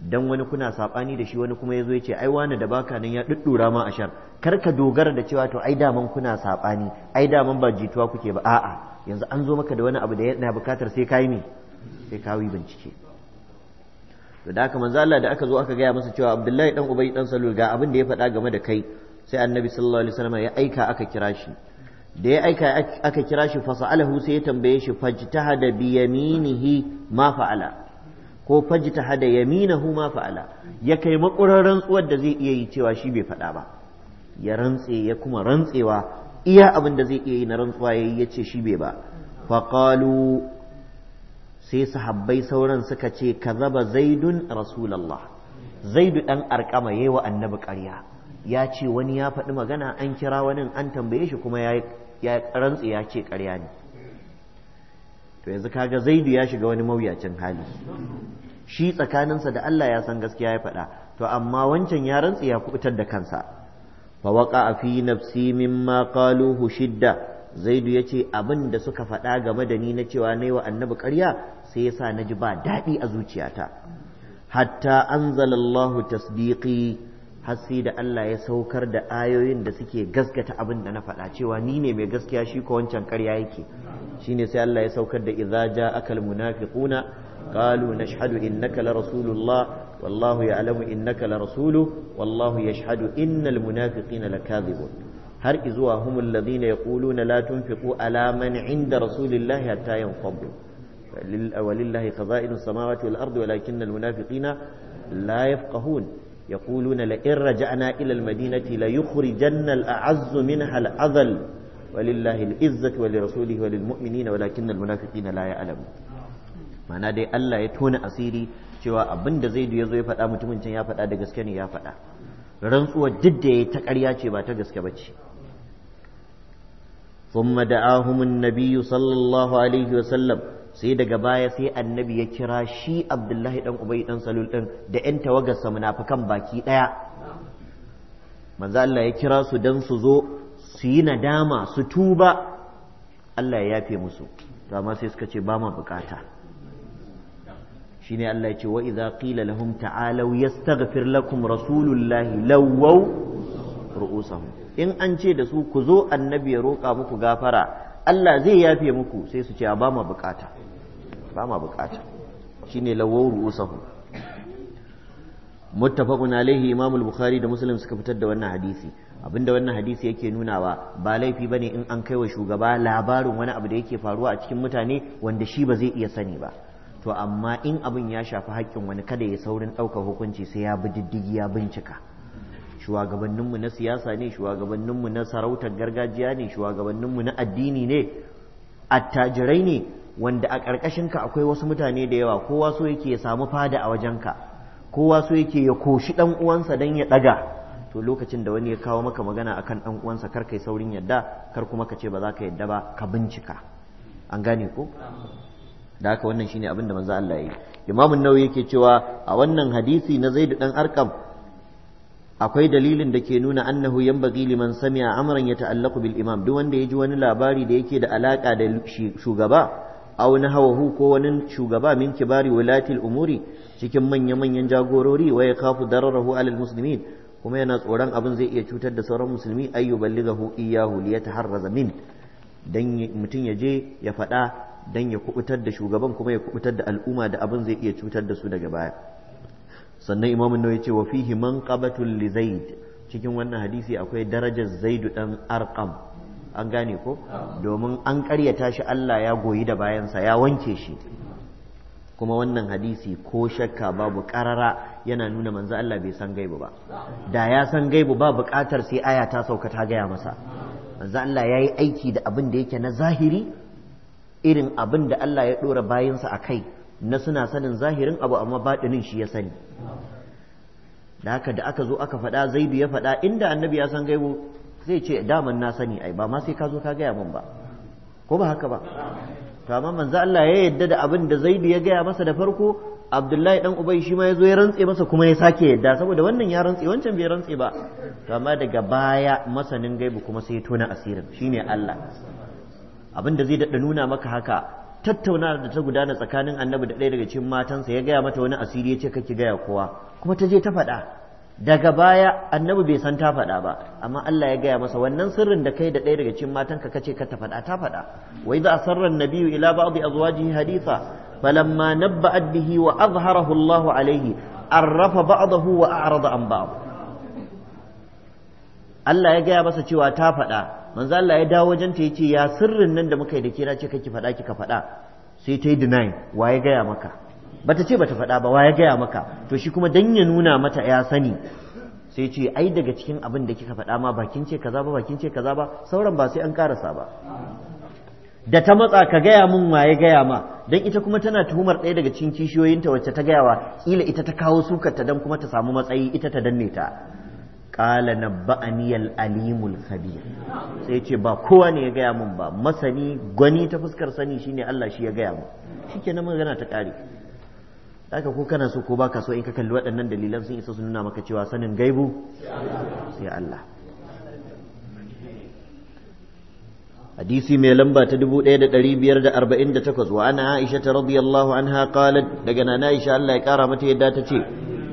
dan wani kuna sabani da shi wani kuma yazo ce ai wani da baka nan ya duddura ma ashar kar ka dogara da cewa to ai daman kuna sabani ai daman ba jituwa kuke ba a'a yanzu an zo maka da wani abu da yana bukatar sai kai mi sai ka yi bincike to da haka manzo Allah da aka zo aka gaya masa cewa Abdullahi dan Ubay dan Salul ga abin da ya faɗa game da kai sai Annabi sallallahu alaihi wasallam ya aika aka kira shi da ya aika aka kira shi fa sai ya tambaye shi fajtahada da yaminihi ma fa'ala ko fajita hada yamina huma fa'ala ya kai makurar rantsuwar da zai iya yi cewa shi bai faɗa ba ya rantse ya kuma rantsewa iya abin da zai iya yi na rantsuwa yayi ya ce shi bai ba Faƙalu sai sahabbai sauran suka ce kazaba zaidun rasulullah zaidu dan arkama yayi wa annabi ƙarya ya ce wani ya faɗi magana an kira wani an tambaye shi kuma ya rantse ya ce ƙarya ne to yanzu kaga zaidu ya shiga wani mawuyacin hali shi tsakaninsa da Allah ya san gaskiya ya faɗa to amma wancan ya rantsi ya kubutar da kansa fa waqa fi nafsi mimma qaluhu shidda zaidu yace abin da suka faɗa game da ni na cewa nayi wa annabi ƙarya sai yasa naji ba daɗi a zuciyata hatta anzalallahu tasdiqi har sai da Allah ya saukar da ayoyin da suke gaskata abin da na faɗa cewa ni ne mai gaskiya shi ko wancan ƙarya yake shine sai Allah ya saukar da idza ja'aka almunafiquna qalu nashhadu innaka la rasulullah wallahu ya'lamu innaka la rasulu wallahu yashhadu innal munafiqina lakadhibun har izuwa humul ladina yaquluna la tunfiqu ala man 'inda rasulillahi hatta yanqadu ولله خزائن السماوات والأرض ولكن المنافقين لا يفقهون يقولون لئن رجعنا إلى المدينة ليخرجن الأعز منها الأذل ولله العزة ولرسوله وللمؤمنين ولكن المنافقين لا يعلمون ma'ana dai Allah ya tona asiri cewa abin da zai ya zo ya faɗa mutumin can ya faɗa da gaske ne ya faɗa rantsuwar duk da ya ta ƙarya ce ba ta gaske ba ce ثم دعاهم النبي صلى الله عليه وسلم sai daga baya sai annabi ya kira shi abdullahi ɗan ubai dan salul ɗin da yan tawagarsa munafikan baki ɗaya. manzo Allah ya kira su dan su zo su yi nadama su tuba Allah ya yafe musu to amma sai suka ce ba ma bukata shine Allah ya ce wa idza qila lahum ta'alu yastaghfir lakum rasulullahi lawaw ru'usahum in an ce da su ku zo annabi ya roƙa muku gafara Allah zai yafe muku sai su ce ba ma bukata ba ma bukata shine lawawru usahu muttafaqun alaihi imam al-bukhari da muslim suka fitar da wannan hadisi abinda wannan hadisi yake nunawa ba laifi bane in an kai wa shugaba labarin wani abu da yake faruwa a cikin mutane wanda shi ba zai iya sani ba to amma in abin ya shafi haƙƙin wani kada ya saurin ɗaukar hukunci sai ya bi diddigi ya bincika shugabanninmu na siyasa ne shugabanninmu na sarautar gargajiya ne shugabanninmu na addini ne attajirai ne wanda a ka akwai wasu mutane da yawa kowa so yake ya samu fada a wajenka kowa so yake ya koshi ɗan uwansa don ya ɗaga to lokacin da wani ya kawo maka magana akan ɗan uwansa kar kai saurin yadda kar kuma ka ce ba za ka yadda ba ka bincika an gane ko da haka wannan shine abin da manzo Allah ya yi Imam Nawawi yake cewa a wannan hadisi na Zaid dan Arqam akwai dalilin da ke nuna annahu bagi liman Samiya, amran ya bil imam duk wanda ya ji wani labari da yake da alaka da shugaba aw nahawahu ko wani shugaba min kibari walatil umuri cikin manya-manyan jagorori wa kafu dararahu alal muslimin kuma yana tsoron abin zai iya cutar da sauran musulmi ayyu ballighahu iyyahu liyataharraza min dan mutum ya je ya faɗa dan ya kubutar da shugaban kuma ya kubutar da al'umma da abin zai iya cutar da su daga baya sannan imam nawawi ce wa fihi manqabatul li zaid cikin wannan hadisi akwai darajar zaidu dan arqam an gane ko domin an karya tashi Allah ya goyi da bayansa ya wanke shi kuma wannan hadisi ko shakka babu karara yana nuna manzo Allah bai san gaibu ba da ya san gaibu ba buƙatar sai aya ta sauka ta gaya masa manzo Allah ya yi aiki da abin da yake na zahiri irin abin da Allah ya ɗora bayansa a kai na suna sanin zahirin abu amma baɗinin shi ya sani da haka da aka zo aka faɗa zaidu ya faɗa inda annabi ya san gaibu zai ce daman na sani ai ba ma sai ka zo ka gaya min ba ko ba haka ba to amma manzo Allah ya yarda da abin da zaidu ya gaya masa da farko abdullahi dan Ubay shi ma ya zo ya rantse masa kuma ya sake yarda saboda wannan ya rantse wancan bai rantse ba to amma daga baya masanin gaibu kuma sai ya tona asirin shine Allah abin da zai daɗa nuna maka haka tattauna da ta gudana tsakanin annabi da ɗaya daga cikin matansa ya gaya mata wani asiri ya ce kake gaya kowa kuma ta je ta faɗa daga baya annabi bai san ta faɗa ba amma Allah ya gaya masa wannan sirrin da kai da ɗaya daga cikin matanka kace ka ta faɗa ta faɗa wa idza asarra an-nabiyyu ila ba'd azwajihi haditha falamma nabba'at bihi wa azharahu Allahu alayhi arrafa ba'dahu wa a'rada an ba'd Allah ya gaya masa cewa ta faɗa manzo Allah ya dawo wajen ta yace ya sirrin nan da muka yi da kira ce kake faɗa kika faɗa sai ta yi deny. wa ya gaya maka bata ce bata faɗa ba wa ya gaya maka to shi kuma dan ya nuna mata ya sani sai ce ai daga cikin abin da kika faɗa ma bakin ce kaza ba bakin ce kaza ba sauran ba sai an karasa ba da ta matsa ka gaya min wa ya gaya ma dan ita kuma tana tuhumar ɗaya daga cikin kishiyoyinta wacce ta gaya wa? kila ita ta kawo ta dan kuma ta samu matsayi ita ta danne ta qala na ba'aniyar alimul khabir sai ce ba kowa ne ya gaya mun ba masani gwani ta fuskar sani shine Allah shi ya gaya mun na magana ta kare haka ko kana so ko baka so in ka kalli waɗannan dalilan sun isa su nuna maka cewa sanin gaibu sai Allah da arba'in da takwas, ليدة قريب an أربعين تكوز وعن daga رضي Aisha Allah ya لقنا mata ya يكارا ta ce,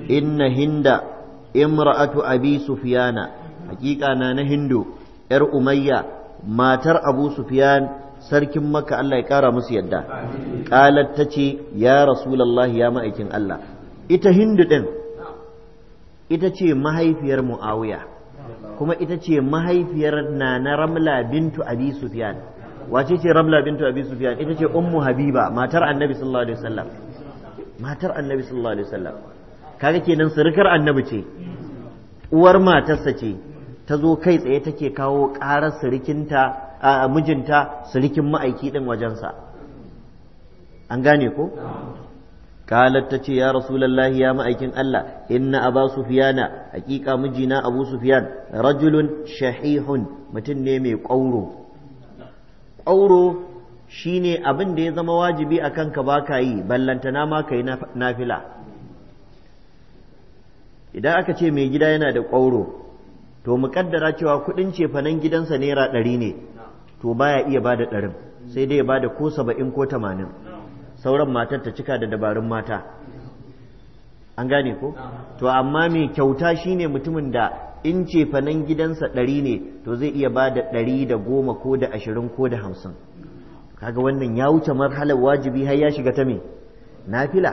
inna Hinda. imra'atu abi sufyana hakika na na hindu yar umayya matar abu sufyan sarkin makka Allah ya kara musu yadda qalat tace ya rasulullah ya ma'aikin Allah ita hindu din ita ce mahaifiyar muawiya kuma ita ce mahaifiyar nana ramla bintu abi sufyan wace ce ramla bintu abi sufyan ita ce ummu habiba matar annabi sallallahu alaihi wasallam matar annabi sallallahu alaihi wasallam kaga kenan surukar annabi ce uwar matarsa ce ta zo kai tsaye take kawo karar surukinta a mijinta surukin ma'aiki din wajensa an gane ko kalat ta ce ya rasulallahi ya ma'aikin Allah inna aba sufiyana hakika mijina abu sufiyan rajulun shahihun mutum ne mai ƙauro ƙauro shine abin da ya zama wajibi a kanka ba ka yi ballantana ma ka yi nafila idan aka ce mai gida yana da ƙwauro to mu kaddara cewa kuɗin cefanen gidansa naira ɗari ne to baya iya ba da ɗarin sai dai ya ba da ko saba'in ko tamanin sauran matar ta cika da dabarun mata an gane ko to amma mai kyauta shine mutumin da in cefanen gidansa ɗari ne to zai iya ba da ɗari da goma ko da ashirin ko da hamsin kaga wannan ya wuce marhalar wajibi har ya shiga ta me nafila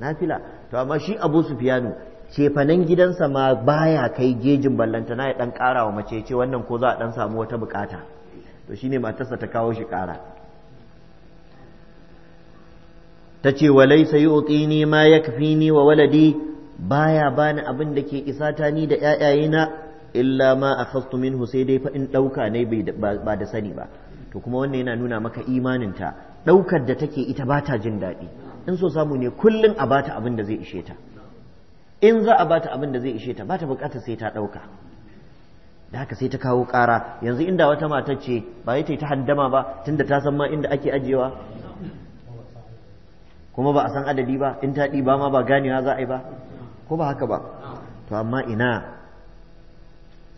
nafila to amma shi abu sufiyanu cefanen gidansa ma baya kai gejin ballanta na ya ɗan kara wa mace ce wannan ko za a dan samu wata bukata to shine matarsa ta kawo shi kara ta ce walai sai ne ma yakfini wa waladi baya bani abin da ke isa ta ni da ƴaƴayena illa ma akhadtu minhu sai dai faɗin ɗauka dauka ne ba da sani ba to kuma wannan yana nuna maka imaninta ɗaukar da take ita bata jin daɗi in so samu ne kullum a bata abin da zai ishe ta in za a bata abin da zai ishe ta bata bukata sai ta dauka da haka sai ta kawo kara yanzu inda wata matar ce ba yi ta ta haddama ba tunda ta san ma inda ake ajiyewa kuma ba a san adadi ba in ta ɗiba ma ba ganewa za a yi ba ko ba haka ba to amma ina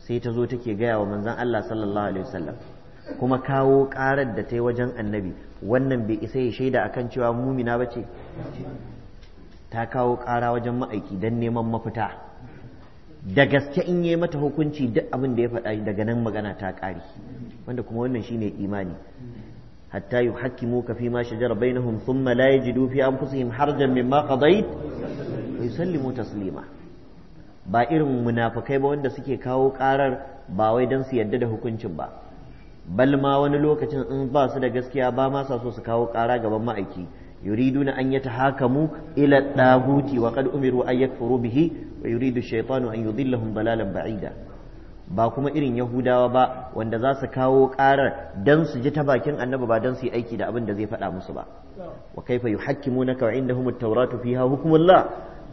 sai ta zo take gaya wa manzan Allah sallallahu alaihi wasallam kuma kawo karar da ta yi wajen annabi wannan bai isa ya shaida akan cewa mumina ba ce ta kawo ƙara wajen ma'aiki don neman mafita da gaske in yi mata hukunci duk abin da ya faɗa daga nan magana ta ƙari wanda kuma wannan shine imani hatta haƙƙi mu fi ma na shajara bainahum thumma la yajidu fi mai harjan mimma qadait salli mu taslima ba irin munafukai ba wanda suke kawo ƙarar ba wai don su yadda da hukuncin ba bal ma wani lokacin in ba su da gaskiya ba ma sa so su kawo ƙara gaban ma'aiki anyata haka mu ila daguti wa qad umiru an yakfuru bihi wa yuridu shaytanu an yudillahum ba'ida ba kuma irin yahudawa ba wanda za su kawo ƙarar dan su ji ta bakin annabi ba dan su yi aiki da abin da zai faɗa musu ba wa kaifa yuhakkimunaka wa indahum at-tauratu fiha hukmullah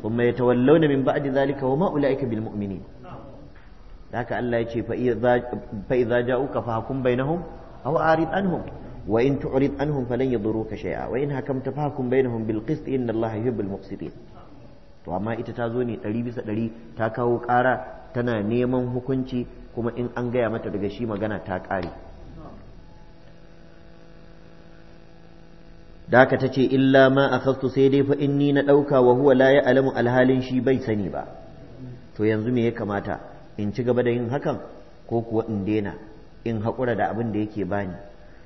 thumma yatawallawna min ba'di zalika wa ma ulaika bilmuminin mu'minin haka Allah ya ce fa idza ja'uka fa hukum bainahum aw arid anhum wa in tu'rid anhum falan yadurruka shay'a wa in hakamta fahkum bainahum bil qist inna to amma ita ta zo ne ɗari bisa ɗari ta kawo ƙara tana neman hukunci kuma in an gaya mata daga shi magana ta ƙare daka ta ce illa ma a sai dai fa ni na ɗauka wa huwa la ya alamu alhalin shi bai sani ba to yanzu me ya kamata in ci gaba da yin hakan ko kuwa in daina in haƙura da abin da yake bani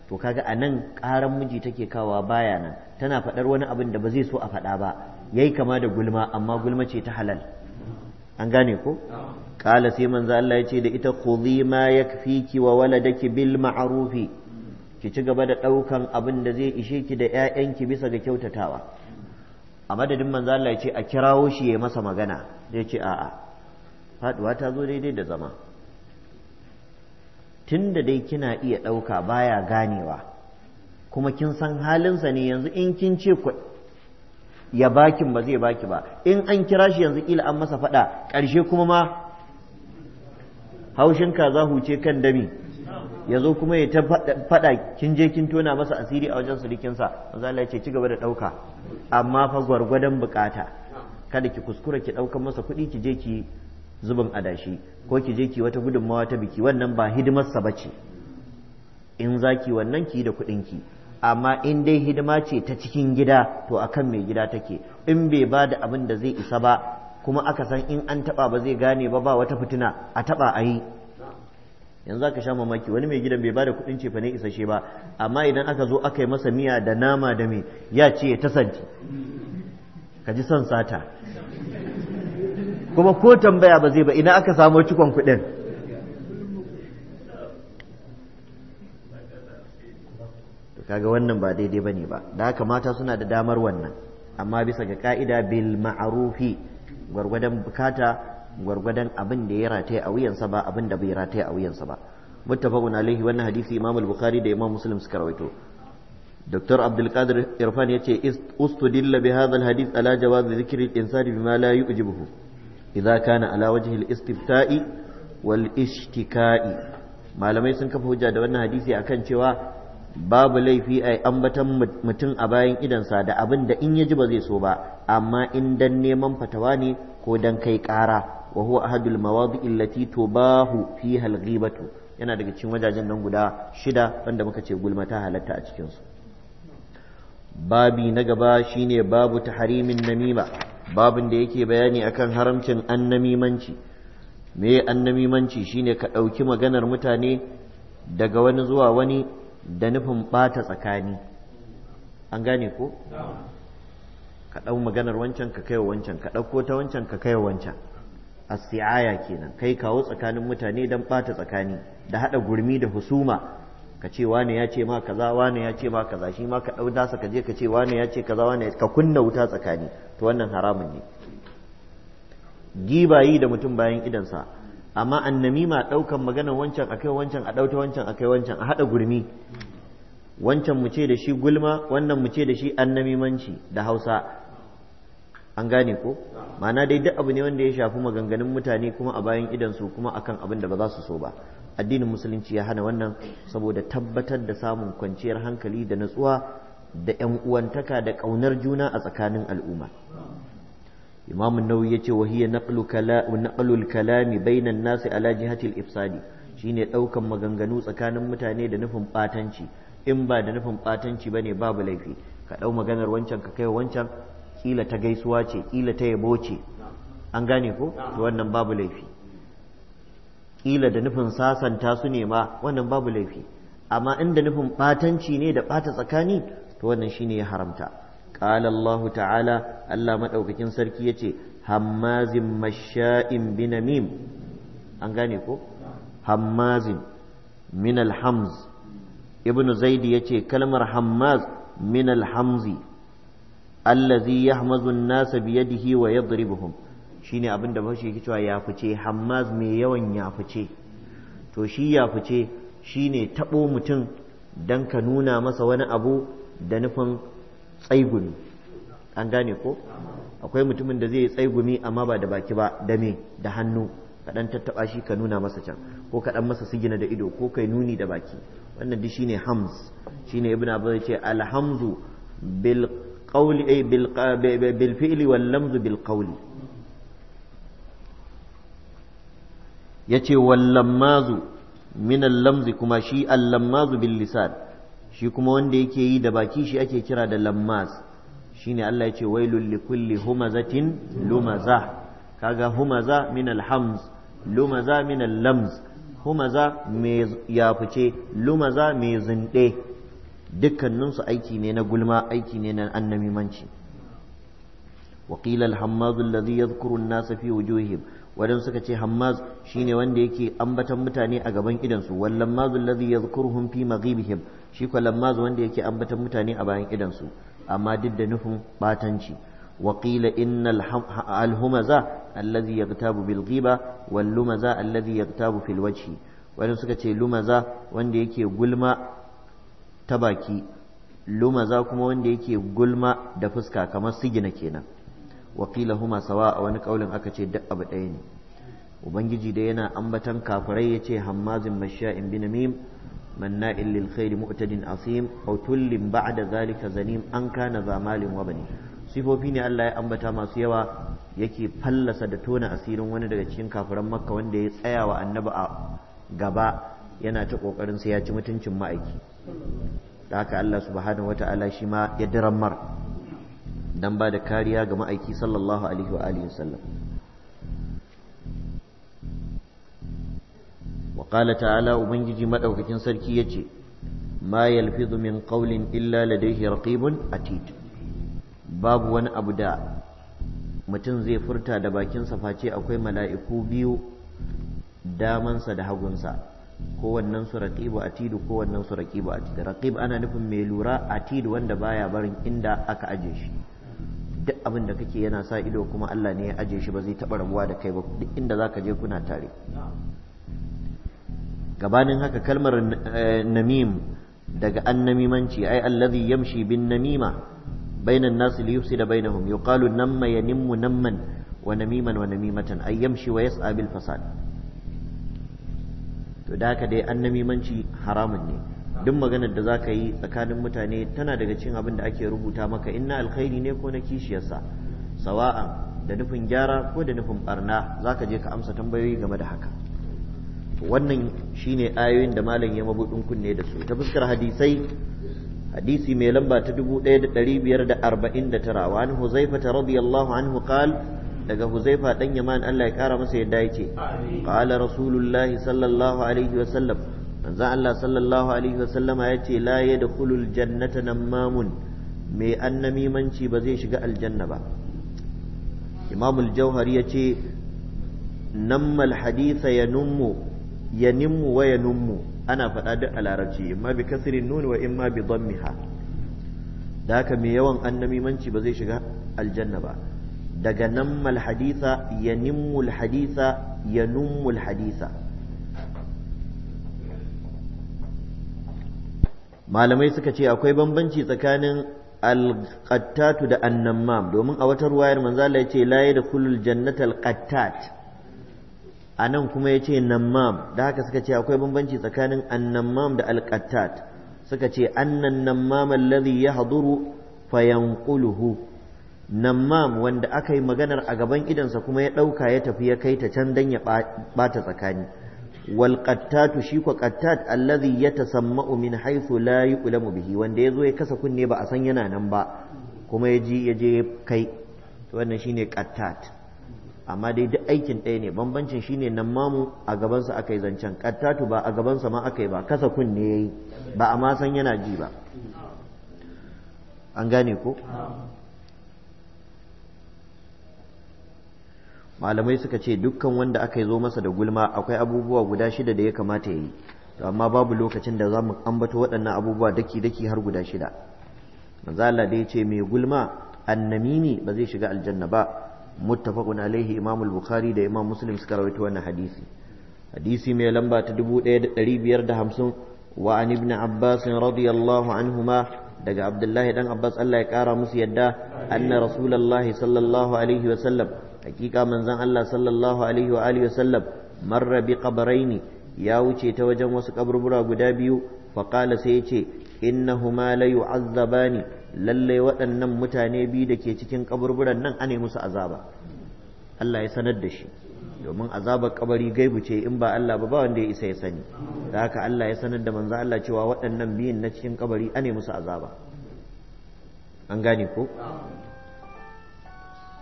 to kaga a nan ƙaran miji take kawa baya nan tana faɗar wani abin da ba zai so a faɗa ba yayi kama da gulma amma gulma ce ta halal an gane ko kala sai manzo Allah ya ce da ita khudhi ma yakfiki wa ki bil ma'arufi, ki ci gaba da ɗaukan abin da zai ishe ki da ƴaƴanki bisa ga kyautatawa a madadin manzo Allah ya ce a kirawo shi ya masa magana zai ce a'a faduwa ta zo daidai da zama Tun da dai kina iya ɗauka baya ganewa kuma kin san halinsa ne yanzu in kin ce ya bakin ba zai baki ba in an kira shi yanzu kila an masa faɗa ƙarshe kuma ma haushin kaza huce kan dami ya zo kuma ya ta faɗa kin je kin tona masa asiri a wajen sulikinsa maza Allah ya ce ci gaba da ɗauka amma fa gwargwadon bukata kada ki kuskura ki ɗaukan masa kuɗi ki je ki zubin adashi ko ki je ki wata gudunmawa ta biki wannan ba hidimarsa ba ce in za wannan ki da ki amma in dai hidima ce ta cikin gida to akan mai gida take in bai ba da abin da zai isa ba kuma aka san in an taɓa ba zai gane ba ba wata fitina a taɓa a yi yanzu aka sha mamaki wani mai gidan bai da kuɗin ce ne isashe ba amma idan aka zo aka yi masa miya da nama da mai ya ce ya tasanti ka ji son sata kuma ko tambaya ba zai ba ina aka samu cikon kuɗin kaga wannan ba daidai bane ba da haka mata suna da damar wannan amma bisa ga ka'ida bil ma'rufi gwargwadon bukata gwargwadon abin da ya rataya a wuyansa ba abin da bai rataya a wuyansa ba muttafaqun alaihi wannan hadisi imam al-bukhari da imam muslim suka rawaito دكتور عبد القادر إرفان bi استدل بهذا الحديث على جواز ذكر insani bima uji yujibuhu idza kana ala wajhi al-istifta'i wal ishtika'i malamai sun kafa hujja da wannan hadisi akan cewa babu laifi a ambatan mutum a bayan sa da abin da in yaji ba zai so ba amma in dan neman fatawa ne ko dan kai ƙara wa huwa ahadul mawadi'i allati tubahu fiha al-ghibatu yana daga cikin wajajen nan guda shida wanda muka ce gulma ta halatta a cikin su babi na gaba shine babu tahrimin namima babin da yake bayani akan haramcin annamimanci me annamimanci shine ka ɗauki maganar mutane daga wani zuwa wani da nufin ɓata tsakani an gane ko ka ɗau maganar wancan ka kai wancan ka ɗauko ta wancan ka kai wancan as kenan kai kawo tsakanin mutane don ɓata tsakani da haɗa gurmi da husuma ka ce wane ya ce ma kaza wane ya ce ma kaza shi ma ka ɗau nasa ka je ka ce wane ya ce kaza wane ka kunna wuta tsakani to wannan haramun ne gibayi da mutum bayan idansa amma annamima ɗaukan magana wancan akai wancan a ɗauta wancan akai wancan a haɗa gurmi wancan mu ce da shi gulma wannan mu ce da shi annamimanci da hausa an gane ko ma'ana dai duk abu ne wanda ya shafi maganganun mutane kuma a bayan idansu kuma akan abin da ba za su so ba addinin musulunci ya hana wannan saboda tabbatar da samun kwanciyar hankali da natsuwa da ‘yan uwantaka da ƙaunar juna a tsakanin al'umma. Imam Nawawi ya ce wahiyya naqlul kalami bainan nasi ala jihatil ifsadi shine ɗaukan maganganu tsakanin mutane da nufin batanci in ba da nufin ɓatanci bane babu laifi ka ɗau maganar wancan ka kai wancan kila ta gaisuwa ce kila ta yabo ce an gane ko to wannan babu laifi kila da nufin sasanta su ne ma wannan babu laifi amma inda nufin batanci ne da bata tsakani to wannan shine ya haramta qala Allah ta'ala Allah maɗaukacin sarki yace hammazin masha'in binamim an gane ko hammazin min alhamz ibnu zaidi yace kalmar hammaz min alhamzi allazi yahmazu an-nasa biyadihi wa yadribuhum shine ne da bashi yake cewa ya fice hammaz mai yawan ya fice to shi ya fice shi ne taɓo mutum don ka nuna masa wani abu da nufin tsaigumi an gane ko akwai mutumin da zai yi tsaigumi amma ba da baki ba da me da hannu ka ɗan tattaba shi ka nuna masa can ko ka ɗan masa sigina da ido ko kai nuni da baki wannan duk shine hams shine ibnu abu ya ce alhamzu bil qawli bil yace wallammazu min lamzi kuma shi al-lammazu bil lisan shi kuma wanda yake yi da baki shi ake kira da lammas shine Allah ce wailul likulli humazatin lumaza kaga humaza min alhamz hamz lumaza min al humaza mai yafice lumaza mai zinde dukkaninsu aiki ne na gulma aiki ne na annamimanci وقيل الحماد الذي يذكر الناس في وجوههم wadan suka ce hammaz shine wanda yake ambatan mutane a gaban idansu wallan mazul ladhi yadhkuruhum fi maghibihim shi ko lammaz wanda yake ambatan mutane a bayan idansu amma duk da nufin batanci wa qila innal alhumaza alladhi yaghtabu bil ghiba wal lumaza alladhi yaghtabu fil wajhi wadan suka ce lumaza wanda yake gulma ta baki lumaza kuma wanda yake gulma da fuska kamar sigina kenan wakila huma sawa a wani kaulin aka ce duk abu ɗaya ne ubangiji da yana ambatan kafirai yace hammazin masha'in binamim manna'in lil khairi mu'tadin asim aw tullin ba'da zalika zanim an kana zamalin wa bani sifofi ne Allah ya ambata masu yawa yake fallasa da tona asirin wani daga cikin kafiran makka wanda ya tsaya wa annabi a gaba yana ta kokarin sai ya ci mutuncin ma'aiki da haka Allah subhanahu wata'ala shi ma ya diramar dan ba da kariya ga ma'aiki sallallahu alaihi wa alihi wasallam wa qala ta'ala ubangiji madaukakin sarki yace ma yalfidhu min qawlin illa ladayhi raqibun atid babu wani abu da mutum zai furta da bakinsa face akwai mala'iku biyu damansa da hagunsa wannan su raqibu ko wannan su raqibu atid raqib ana nufin mai lura atid wanda baya barin inda aka aje shi duk abin da kake yana sa ido kuma Allah ne ya aje shi ba zai taɓa rabuwa da kai ba duk inda za ka je kuna tare gabanin haka kalmar eh, namim daga annamimanci ai allazi yamshi bin namima bainan nas li yufsida bainahum yuqalu namma yanimmu namman wa namiman wa namimatan ay yamshi wa yas'a bil fasad to da haka dai annamimanci haramun ne duk maganar da zaka yi tsakanin mutane tana daga cikin abin da ake rubuta maka in na alkhairi ne ko na kishiyarsa sawa'a da nufin gyara ko da nufin barna zaka je ka amsa tambayoyi game da haka wannan shine ayoyin da malam ya mabudin kunne da su ta fuskar hadisai hadisi mai lamba ta 1549 wa an huzaifa radiyallahu anhu qal. daga huzaifa dan yaman Allah ya kara masa yadda yake qala rasulullahi sallallahu alaihi wa sallam manzo Allah sallallahu alaihi wasallama ya ce la yadkhulul jannata mamun mai annamimanci ba zai shiga aljanna ba imamul jauhari ya ce nammal haditha ya nummu ya nimmu wa ya nummu ana faɗa duk a larabci imma bi kasirin nuni wa imma bi dhammiha da haka mai yawan annamimanci ba zai shiga aljanna ba daga nammal haditha ya nimmul haditha ya nummul haditha malamai suka ce akwai bambanci tsakanin Alƙattatu da annammam domin a wata ruwayar manzo Allah ya ce la Jannat Alƙattat a anan kuma ya ce nammam da haka suka ce akwai bambanci tsakanin annammam da Alƙattat suka ce annan nammam alladhi yahduru fayanquluhu nammam wanda aka yi maganar a gaban idansa kuma ya ɗauka ya tafi ya kai ta can dan ya ɓata tsakani wal شيكو shi ko qattat من حيث لا haythu la bihi wanda yazo ya kasa kunne ba a san yana nan ba kuma ya ji ya kai to wannan shine qattat amma dai duk aikin ɗaya ne bambancin shine nan mamu a gabansa aka yi zancen qattatu ba a gabansa ma aka ba kasa kunne yayi ba a san yana ji ba an gane ko malamai suka ce dukkan wanda aka zo masa da gulma akwai abubuwa guda shida da ya kamata ya yi to amma babu lokacin da za mu ambato waɗannan abubuwa daki daki har guda shida manzo Allah da yace mai gulma annamimi ba zai shiga aljanna ba muttafaqun alaihi imam al-bukhari da imam muslim suka rawaito wannan hadisi hadisi mai lamba ta 1550 wa an ibn abbas radiyallahu anhuma daga abdullahi dan abbas allah ya kara musu yadda anna rasulullahi sallallahu alaihi wasallam hakika manzon Allah sallallahu alaihi wa alihi wasallam marra bi qabraini ya wuce ta wajen wasu kaburbura guda biyu fa qala sai yace innahuma la yu'azzabani lalle waɗannan mutane biyu da ke cikin kaburburan nan ane musu azaba Allah ya sanar da shi domin azabar kabari gaibu ce in ba Allah ba ba wanda ya isa ya sani da haka Allah ya sanar da manzo Allah cewa waɗannan biyun na cikin kabari ane musu azaba an gane ko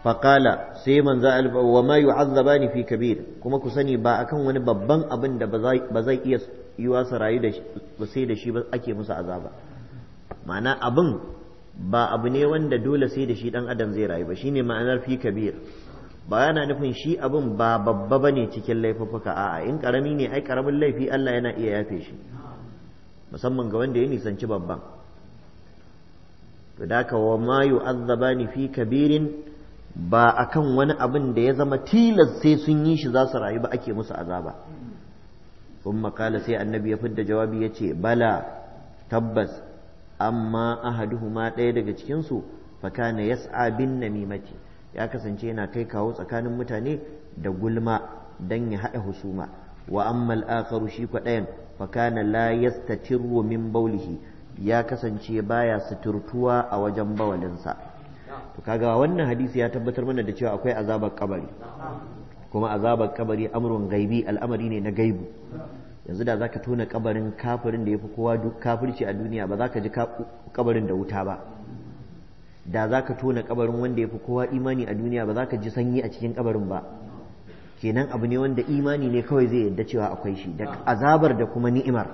faƙala sai manzo wa ma yu'azzabani fi kabir kuma ku sani ba akan wani babban abin da ba zai iya yiwa su rayu da sai da shi ake musu azaba ma'ana abin ba abu ne wanda dole sai da shi dan adam zai rayu ba shine ma'anar fi kabir ba yana nufin shi abin ba babba bane cikin laifuffuka a'a in karami ne ai karamin laifi Allah yana iya yafe shi musamman ga wanda ya nisanci babban to da ka wa ma yu'azzabani fi kabirin ba akan wani abin da ya zama tilas sai sun yi shi za su rayu ba ake musu azaba sun makala sai annabi ya fidda jawabi ya ce bala tabbas amma ahaduhuma ɗaya daga cikinsu Faka fakana yas'a bin namimati ya kasance yana kai kawo tsakanin mutane da gulma don ya haɗa husuma wa ammal akharu shi kwaɗayan na la yastatirru min baulihi ya kasance baya suturtuwa a wajen bawalinsa to kaga wannan hadisi ya tabbatar mana da cewa akwai azabar kabari kuma azabar kabari amrun gaibi al'amari ne na gaibu yanzu da zaka tona kabarin kafirin da yafi kowa duk kafirci a duniya ba zaka ji kabarin da wuta ba da zaka tona kabarin wanda yafi kowa imani a duniya ba zaka ji sanyi a cikin kabarin ba kenan abu ne wanda imani ne kawai zai yadda cewa akwai shi da azabar da kuma ni'imar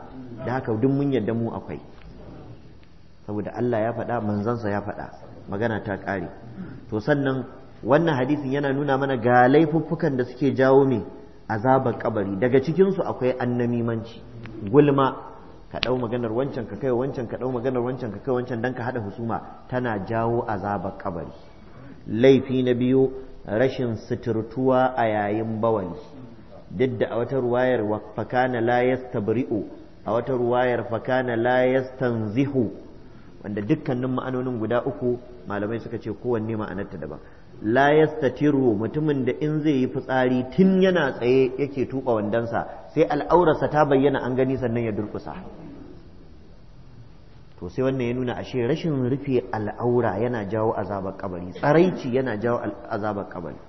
da haka duk mun yadda mu akwai saboda Allah ya faɗa manzansa ya faɗa magana ta ƙare to sannan wannan hadisin yana nuna mana ga laifuffukan da suke jawo mai azabar kabari daga cikinsu akwai annamimanci gulma ka ɗau maganar wancan ka kai wancan ka ɗau maganar wancan ka kai wancan don ka haɗa husuma tana jawo azabar kabari laifi na biyu rashin suturtuwa a yayin bawali duk da a wata ruwayar fakana la yastabri'u a wata ruwayar fakana la yastanzihu wanda dukkanin ma'anonin guda uku malamai suka ce kowanne ma'anarta daban la yastatiru mutumin da in zai yi fitsari tun yana tsaye yake tuba wandansa sai al'aurarsa ta bayyana an gani sannan ya durkusa to sai wannan ya nuna ashe rashin rufe al'aura yana jawo azabar kabari tsaraici yana jawo azabar kabari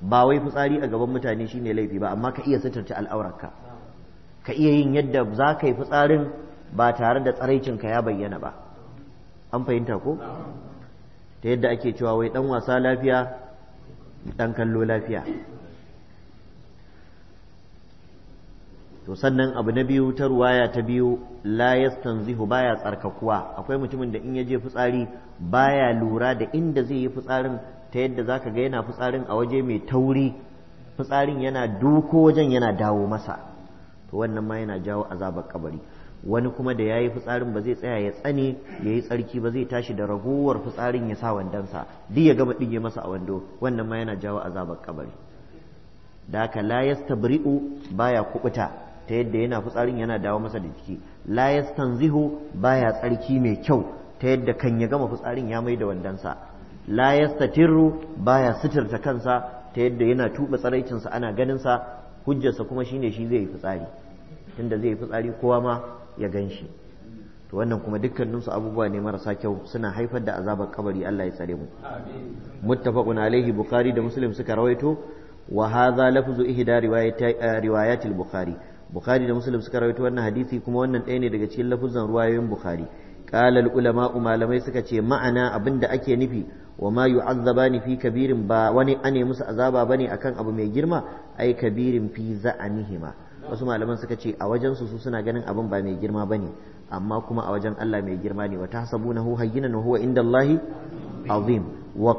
ba wai fitsari a gaban mutane shine laifi ba amma ka iya suturta al'aurarka ka iya yin yadda za ka yi fitsarin ba tare da tsaraicinka ya bayyana ba an fahimta ko ta yadda ake cewa wai dan wasa lafiya dan kallo lafiya to sannan abu na biyu ta ruwaya ta biyu la yastanzihu baya tsarkakuwa akwai mutumin da in yaje je fitsari baya lura da inda zai yi fitsarin ta yadda zaka ga yana fitsarin a waje mai tauri fitsarin yana duko wajen yana dawo masa to wannan ma yana jawo azabar kabari wani kuma da ya yi fitsarin ba zai tsaya ya tsane yi tsarki ba zai tashi da ragowar fitsarin ya sa wandansa duk ya gama dige masa a wando wannan ma yana jawo azabar kabari da haka la yastabri'u baya kubuta ta yadda yana fitsarin yana dawo masa da jiki la yastanzihu baya tsarki mai kyau ta yadda kan ya gama fitsarin ya mai da wandansa la yastatirru baya suturta kansa ta yadda yana tuba tsaraicinsa ana ganinsa hujjarsa kuma shine shi zai yi fitsari tunda zai yi fitsari kowa ma ya gan shi to wannan kuma dukkaninsu abubuwa ne marasa kyau suna haifar da azabar kabari Allah ya tsare mu muttafaqun alaihi bukhari da muslim suka rawaito wa hadha lafzu ihda riwayat al-bukhari bukhari da muslim suka rawaito wannan hadisi kuma wannan ɗaya ne daga cikin lafuzan ruwayoyin bukhari qala al-ulama malamai suka ce ma'ana abinda ake nufi wa ma yu'azzabani fi kabirin ba wani ane musu azaba bane akan abu mai girma ai kabirin fi za'anihima wasu malaman suka ce a wajen su suna ganin abin ba mai girma bane amma kuma a wajen Allah mai girma ne wa tahsabunahu hayyinan na huwa inda Allahi azim wa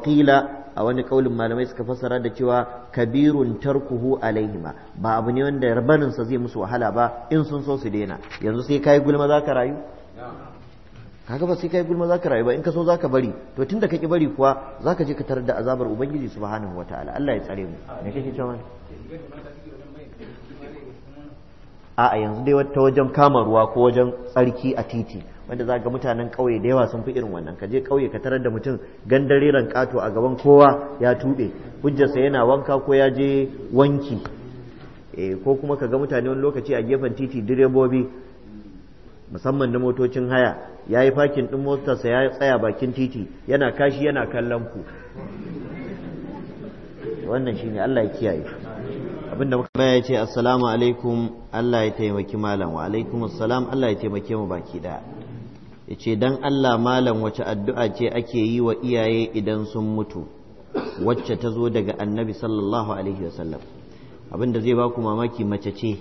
a wani kaulin malamai suka fassara da cewa kabirun tarkuhu alaihima ba abu ne wanda rabanin sa zai musu wahala ba in sun so su daina yanzu sai kai gulma zaka rayu kaga ba sai kai gulma zaka rayu ba in ka so zaka bari to tunda kake bari kuwa zaka je ka tarar da azabar ubangiji subhanahu wataala Allah ya tsare mu ne kake cewa a'a yanzu dai ta wajen kama ruwa ko wajen tsarki a titi wanda za ga mutanen ƙauye da yawa sun fi irin wannan ka je ƙauye ka tarar da mutum gandare kato a gaban kowa ya tuɓe hujjarsa yana wanka ko ya je wanki eh, ko kuma ka ga mutane wani lokaci a gefen titi direbobi musamman na motocin haya ya yi fakin ɗin motarsa ya tsaya bakin titi yana kashi yana kallon ku wannan shine Allah ya kiyaye abinda muka ya ce assalamu alaikum Allah ya taimaki malam wa alaikum assalam Allah ya taimake mu baki da ya ce don Allah malam wace addu'a ce ake yi wa iyaye idan sun mutu wacce ta zo daga annabi sallallahu alaihi wasallam abinda zai baku mamaki mace ce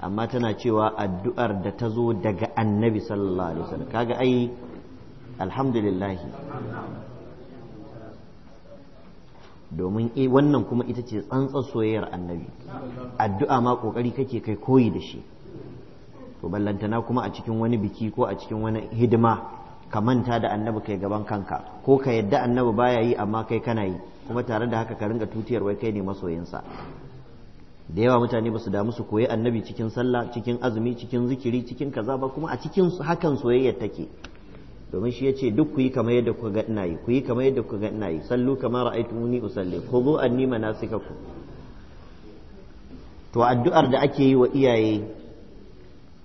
amma tana cewa addu'ar da ta zo daga annabi sallallahu alaihi wasallam kaga ai Alhamdulillahi. domin e wannan kuma ita ce tsantsar soyayyar annabi addu'a ma kokari kake kai koyi da shi to ballantana kuma a cikin wani biki ko a cikin wani hidima ka manta da annabi kai gaban kanka ko ka yadda annabi baya yi amma kai kana yi kuma tare da haka ka ringa tutiyar wai kai ne masoyinsa da yawa mutane ba su damu su koyi annabi cikin sallah cikin azumi cikin zikiri cikin kaza ba kuma a cikin hakan soyayyar take domin shi yace duk ku yi kamar yadda kuka ga ina yi ku yi kamar yadda kuka ga ina yi sallu kama ra'aytumuni usalli khudu anni manasikakum to addu'ar da ake yi wa iyaye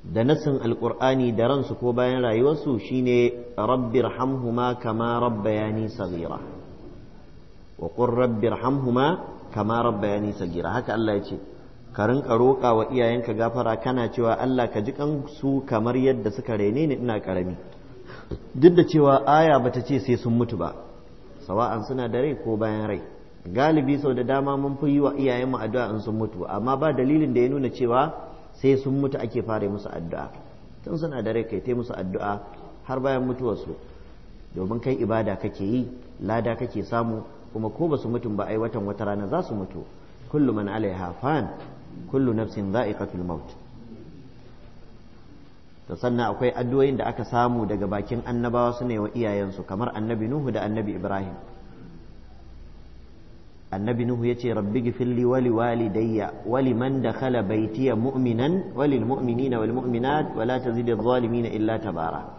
da nasin alqur'ani da ransu ko bayan rayuwarsu shine rabbirhamhuma kama rabbayani saghira wa qur rabbirhamhuma kama rabbayani saghira haka Allah yace ka rinka roƙa wa iyayenka gafara kana cewa Allah ka ji su kamar yadda suka rene ni ina karami duk da cewa aya bata ce sai sun mutu ba sawa'an suna da rai ko bayan rai galibi sau da dama mun fi yi wa iyayenmu addu'a in sun mutu amma ba dalilin da ya nuna cewa sai sun mutu ake fara musu addu'a tun suna da rai kai ta musu addu'a har bayan mutuwarsu domin kai ibada kake yi lada kake samu kuma ko basu mutum ba ai watan wata rana za su mutu kullu man alaiha fan kullu nafsin za'iqatul maut da sannan akwai addu'o'in da aka samu daga bakin annabawa su ne wa iyayensu kamar annabi nuhu da annabi ibrahim annabi nuhu ya ce rabbi gifilli wali walidayya wali man da khala baitiya mu'minan walil mu'minina wal mu'minat wala tazidi zalimina illa tabara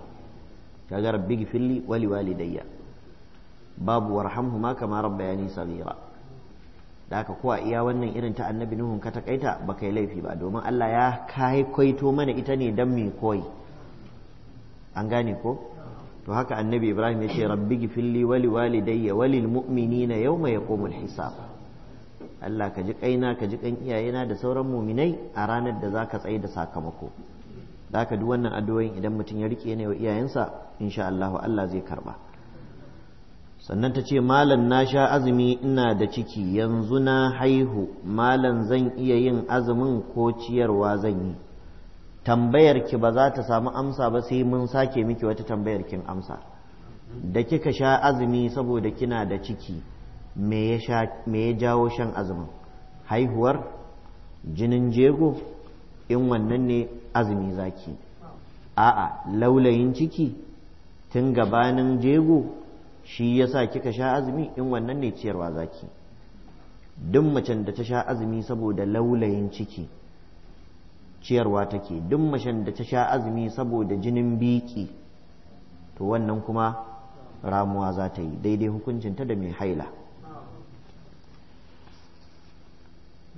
kaga rabbi gifilli wali walidayya babu warhamhuma kama rabbayani saghira da haka ko a iya wannan irin ta annabi nuhun ka takaita ba kai laifi ba domin Allah ya kai kwaito mana ita ne don mai koyi an gane ko to haka annabi ibrahim ya ce rabbi gifilli wali walidayya walil mu'minina mai yaqumul hisab Allah ka ji kaina ka ji kan iyayena da sauran muminai a ranar da za ka tsaye da sakamako da haka duk wannan addu'o'in idan mutum ya rike ne wa iyayensa insha Allah Allah zai karba sannan ta ce malam na sha azumi ina da ciki yanzu na haihu malam zan iya yin azumin ko ciyarwa zan yi tambayar ki ba za ta samu amsa ba sai mun sake miki wata tambayar kin amsa da kika sha azumi saboda kina da ciki me ya jawo shan azumin haihuwar jinin jego in wannan ne azumi zaki a'a laulayin ciki tun gabanin jego shi ya sa kika sha azumi in wannan ne ciyarwa zaki duk macen da ta sha azumi saboda laulayin ciki ciyarwa take duk macen da ta sha azumi saboda jinin biki to wannan kuma ramuwa za ta yi daidai hukuncin ta da mai haila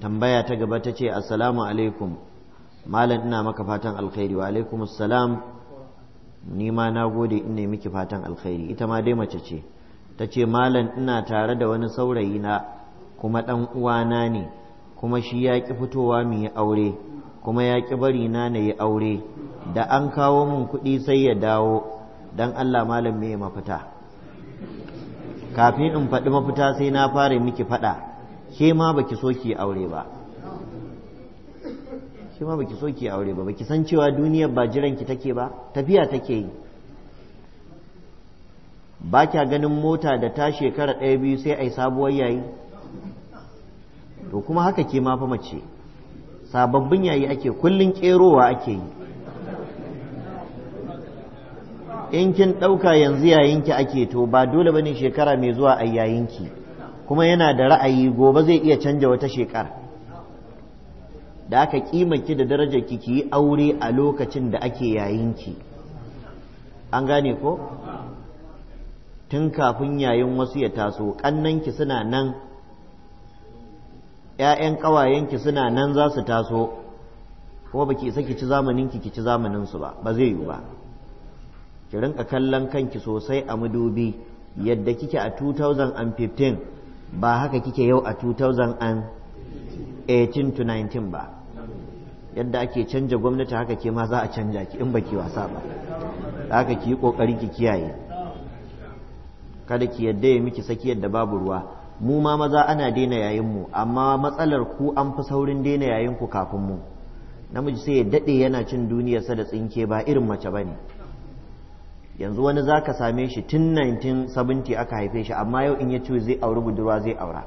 tambaya ta gaba ta ce assalamu alaikum malam ina maka fatan alkhairi wa alaikum assalam ni ma na gode in ne miki fatan alkhairi ita ma dai mace ce ta ce malam ina tare da wani saurayi na kuma ɗan uwana ne kuma shi ya ƙi fitowa mu yi aure kuma ya ƙi bari na na yi aure da an kawo mun kuɗi sai ya dawo dan Allah malam me mafita kafin in faɗi mafita sai na fara miki faɗa ke ma baki so ki aure ba ke ma baki so ki aure ba baki san cewa duniya ba jiran ki take ba tafiya take yi ba kya ganin mota da ta shekara ɗaya biyu sai ai sabuwar yayi to kuma haka ke ma fa mace sababbin yayi ake kullun kerowa ake yi in kin ɗauka yanzu yayinki ake to ba dole bane shekara mai zuwa a yayinki kuma yana da ra'ayi gobe zai iya canja wata shekara da aka kimanki da darajar ki yi aure a lokacin da ake yayin ki an gane ko tun kafin yayin wasu ya taso kannanki suna nan ƴaƴan ƙawayenki suna nan za su taso kuma ki isa ki ci zamaninki ki ci zamaninsu ba ba zai yiwu ba ki rinka kallon kanki sosai a madubi yadda kike a 2015 ba haka kike yau a 2018 to 19 ba yadda ake canja gwamnati haka ke ma za a canja ki in baki wasa ba haka ki yi kokari ki kiyaye kada ki yadda ya miki saki yadda babu ruwa mu ma maza ana daina yayin mu amma matsalar ku an fi saurin daina yayin ku kafin mu namiji sai ya dade yana cin sa da tsinke ba irin mace bane yanzu wani zaka same shi tun 1970 aka haife shi amma yau in ya ce zai auri budurwa zai aura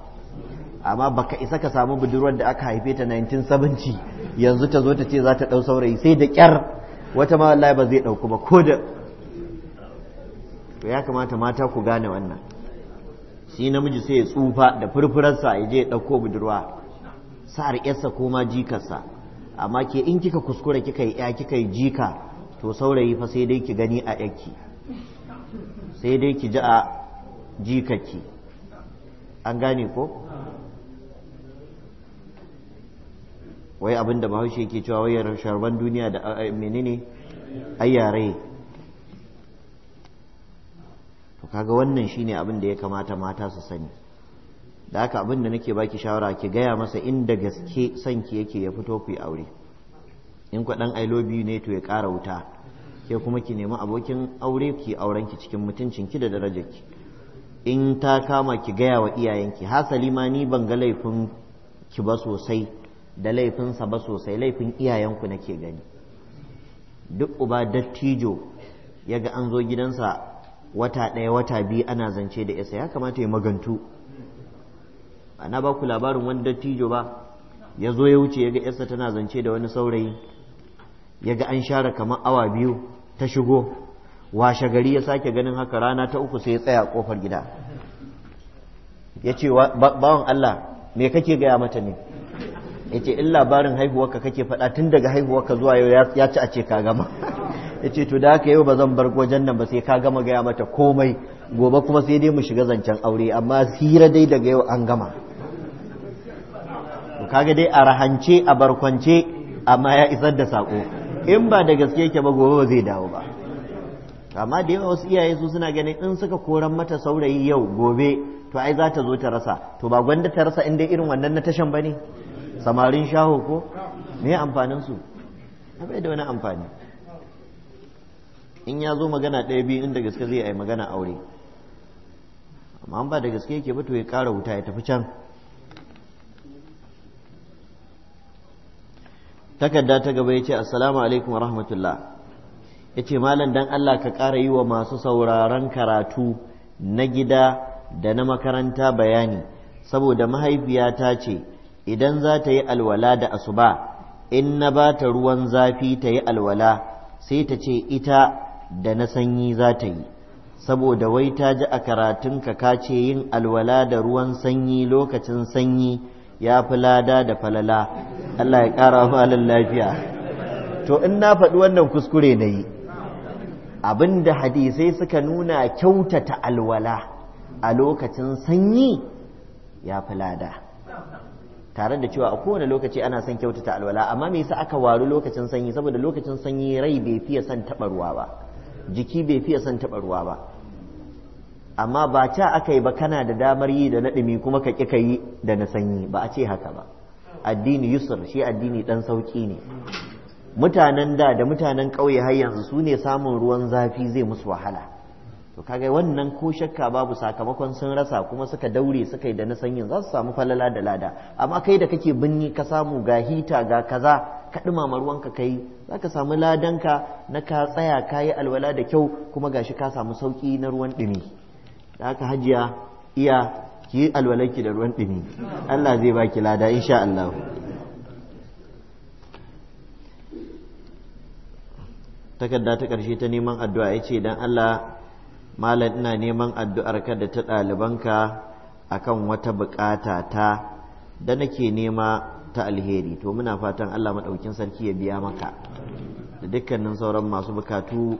amma baka isa ka samu budurwar da aka haife ta 1970 yanzu ta zo ta ce za ta ɗau saurayi sai da ƙyar wata ma wallahi ba zai ɗauku ba ko da ya kamata mata ku gane wannan shi namiji sai ya tsufa da furfurarsa ya je ya ɗauko budurwa sa'ar yarsa ko ma jikarsa amma ke in kika kuskura kika yi ya kika yi jika to saurayi fa sai dai ki gani a yaki sai dai ki ji a jikaki an gane ko wai abin da bahaushe ke cewa wai sharban duniya da eh, menene ayyare to kaga wannan shine abin da ya kamata mata su sani da haka abin da nake baki shawara ki gaya masa inda gaske sanki yake ya fito ku aure in ku dan you ne to ya ƙara wuta ke kuma ki nemi abokin aure ki auren ki cikin mutuncin ki da darajar ki in ta kama ki gaya wa iyayenki hasali ma ni ban ga laifin ki ba sosai da laifinsa ba sosai laifin iyayenku nake gani duk uba dattijo ya ga an zo gidansa wata ɗaya wata biyu ana zance da isa ya kamata ya magantu ana ba ku labarin wani dattijo ba ya zo ya wuce ya ga isa tana zance da wani saurayi ya ga an share kamar awa biyu ta shigo washe gari ya sake ganin haka rana ta uku sai ya tsaya kofar gida ya ce bawan allah me kake gaya mata ne yace in labarin haihuwarka kake faɗa tun daga haihuwarka zuwa yau ya ci a ce ka gama yace to da haka yau ba zan bar wajen nan ba sai ka gama gaya mata komai gobe kuma sai dai mu shiga zancen aure amma hira dai daga yau an gama to kaga dai a rahance a barkwance amma ya isar da sako in ba da gaske yake ba gobe ba zai dawo ba amma da yawa wasu iyaye su suna ganin in suka koran mata saurayi yau gobe to ai za ta zo ta rasa to ba gwanda ta rasa in dai irin wannan na tashan ba ne samarin shaho ko me amfanin su bai da wani amfani in ya zo magana ɗaya biyu inda gaske zai yi magana aure amma ba da gaske yake ba to ya ƙara wuta ya tafi can takarda ta gaba ya ce assalamu alaikum rahmatullah ya ce malam don Allah ka ƙara yi wa masu sauraron karatu na gida da na makaranta bayani saboda mahaifiyata ce idan za ta yi alwala da asuba in na ba ta ruwan zafi ta yi alwala sai ta ce ita da na sanyi za ta yi saboda wai ta ji a karatun ka ce yin alwala da ruwan sanyi lokacin sanyi ya fi lada da falala Allah ya ƙara malin lafiya to in na faɗi wannan kuskure na yi abin da hadisai suka nuna kyautata alwala a lokacin sanyi ya fi lada tare da cewa a kowane lokaci ana son kyautata alwala amma me yasa aka waru lokacin sanyi saboda lokacin sanyi rai bai fiye son taɓa ruwa ba jiki bai fiye son taɓa ruwa ba amma ba ca aka yi ba kana da damar yi da naɗumi kuma ka ƙi ka yi da na sanyi ba a ce haka ba addini yusur shi addini ɗan sauƙi ne mutanen da da mutanen ƙauye har yanzu su ne samun ruwan zafi zai musu wahala to kaga wannan ko shakka babu sakamakon sun rasa kuma suka daure suka yi da na sanyin za su samu falala da lada amma kai da kake binni ka samu ga hita ga kaza ka dumama ruwanka kai za ka samu ladanka na ka tsaya ka yi alwala da kyau kuma gashi ka samu sauki na ruwan ɗumi da haka hajiya iya ki yi alwalarki da ruwan ɗumi Allah zai baki lada insha Allah takarda ta ƙarshe ta neman addu'a ya ce don Allah malam ina neman addu'arka da ta ɗalibanka akan wata buƙata ta da nake nema ta alheri to muna fatan Allah maɗaukin sarki ya biya maka da dukkanin sauran masu bukatu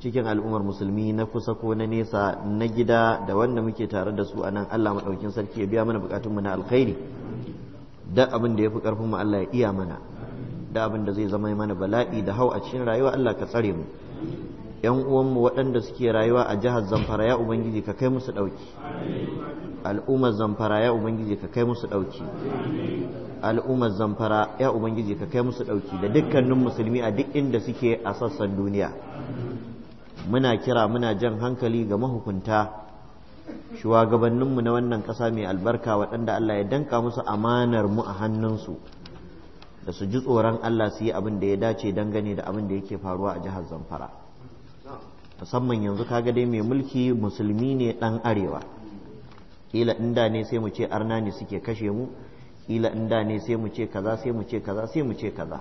cikin al'ummar musulmi na kusa ko na nesa na gida da wanda muke tare da su a nan Allah maɗaukin sarki ya biya mana mu na alkhairi da abin da ya fi ƙarfinmu Allah ya iya mana da abin da zai zama mana bala'i da hau a cikin rayuwa Allah ka tsare mu yan uwanmu waɗanda suke rayuwa a jihar zamfara ya ubangiji ka kai musu ɗauki al'ummar zamfara ya ubangiji ka kai musu ɗauki al'ummar zamfara ya ubangiji ka kai musu ɗauki da dukkanin musulmi a duk inda suke a sassan duniya muna kira muna jan hankali ga mahukunta shugabanninmu na wannan ƙasa mai albarka waɗanda Allah ya danka musu amanar mu a hannunsu da su ji tsoron Allah su yi abin da ya dace dangane da abin da yake faruwa a jihar Zamfara. musamman yanzu kaga dai mai mulki musulmi ne dan arewa kila inda ne sai mu ce arna ne suke kashe mu kila inda ne sai mu ce kaza sai mu ce kaza sai mu ce kaza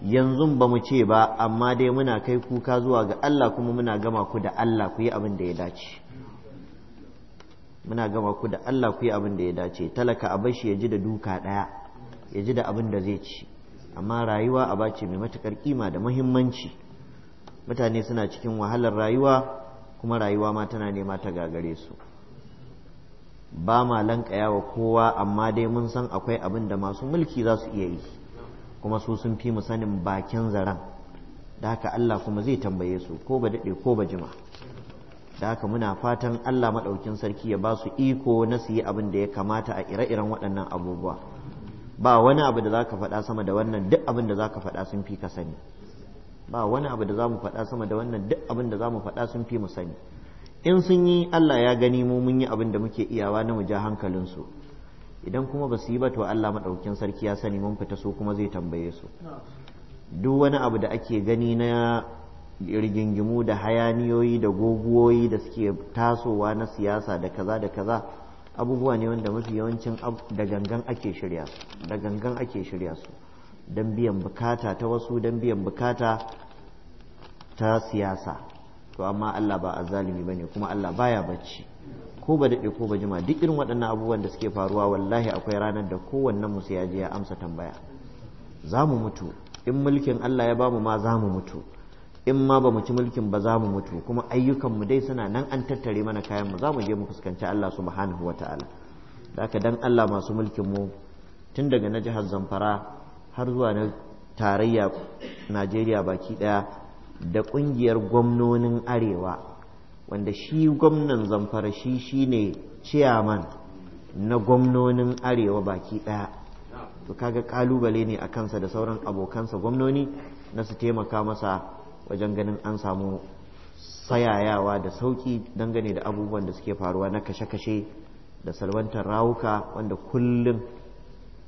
yanzu ba mu ce ba amma dai muna kai kuka zuwa ga Allah kuma muna gama ku da Allah ku yi abin da ya dace muna gama ku da Allah ku yi abin da ya dace talaka a bashi ya ji da duka daya. ya ji da abin da zai ci amma rayuwa a bace mai matukar kima da muhimmanci mutane suna cikin wahalar rayuwa kuma rayuwa ma tana nema ta gagare su ba ma lankaya wa kowa amma dai mun san akwai abin da masu mulki za su iya yi kuma su sun fi mu sanin bakin zaren da haka Allah kuma zai tambaye su ko ba daɗe ko ba jima da haka muna fatan Allah maɗaukin sarki ya ba su iko na su yi abin da ya kamata a ire-iren waɗannan abubuwa ba wani abu da za ka faɗa sama da wannan duk abin da za ka faɗa sun fi ka sani ba wani abu da za mu faɗa sama da wannan duk abin da za mu faɗa sun fi mu sani in sun yi Allah ya gani mu mun yi abin da muke iyawa na mu hankalin su, idan kuma ba su yi ba to Allah maɗaukin sarki ya sani mun fita su kuma zai tambaye su duk wani abu da ake gani na rigingimu da hayaniyoyi da goguwoyi da suke tasowa na siyasa da kaza da kaza abubuwa ne wanda mafi yawancin da gangan ake shirya su don biyan bukata ta wasu don biyan bukata ta siyasa to amma Allah ba ba ne kuma Allah baya bacci ko ba daɗe ko ba jima duk irin waɗannan abubuwan da suke faruwa wallahi akwai ranar da kowannen musu ya je ya amsa tambaya za mu mutu in mulkin Allah ya bamu ma za mu mutu in ma ba mu ci mulkin ba za mu mutu kuma ayyukanmu dai suna nan an tattare mana kayan mu za mu je mu fuskanci Allah subhanahu wataala da haka dan Allah masu mulkin mu tun daga na jihar Zamfara har zuwa na tarayya najeriya baki daya da kungiyar gwamnonin arewa wanda shi gwamnan zamfara shi shi ne ciyaman na gwamnonin arewa baki daya to kaga kalubale ne a kansa da sauran abokansa gwamnoni na su taimaka masa wajen ganin an samu sayayawa da sauki dangane da abubuwan da suke faruwa na kashe-kashe da salwantar rawuka wanda kullum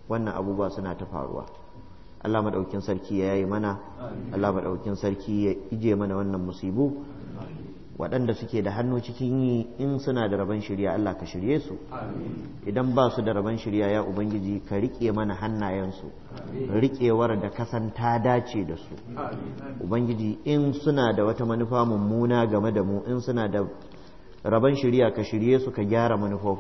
wannan abubuwa suna ta faruwa Allah madaukin sarki ya yi mana Allah madaukin sarki ya ije mana wannan musibu waɗanda suke da hannu cikin yi in suna da rabon shirya Allah ka shirye su idan ba su da rabon shirya ya ubangiji ka riƙe mana hannayensu riƙewar da kasan ta dace da su ubangiji in suna da wata manufa mummuna game da mu in suna da rabon shirya ka shirye su ka gyara manufofin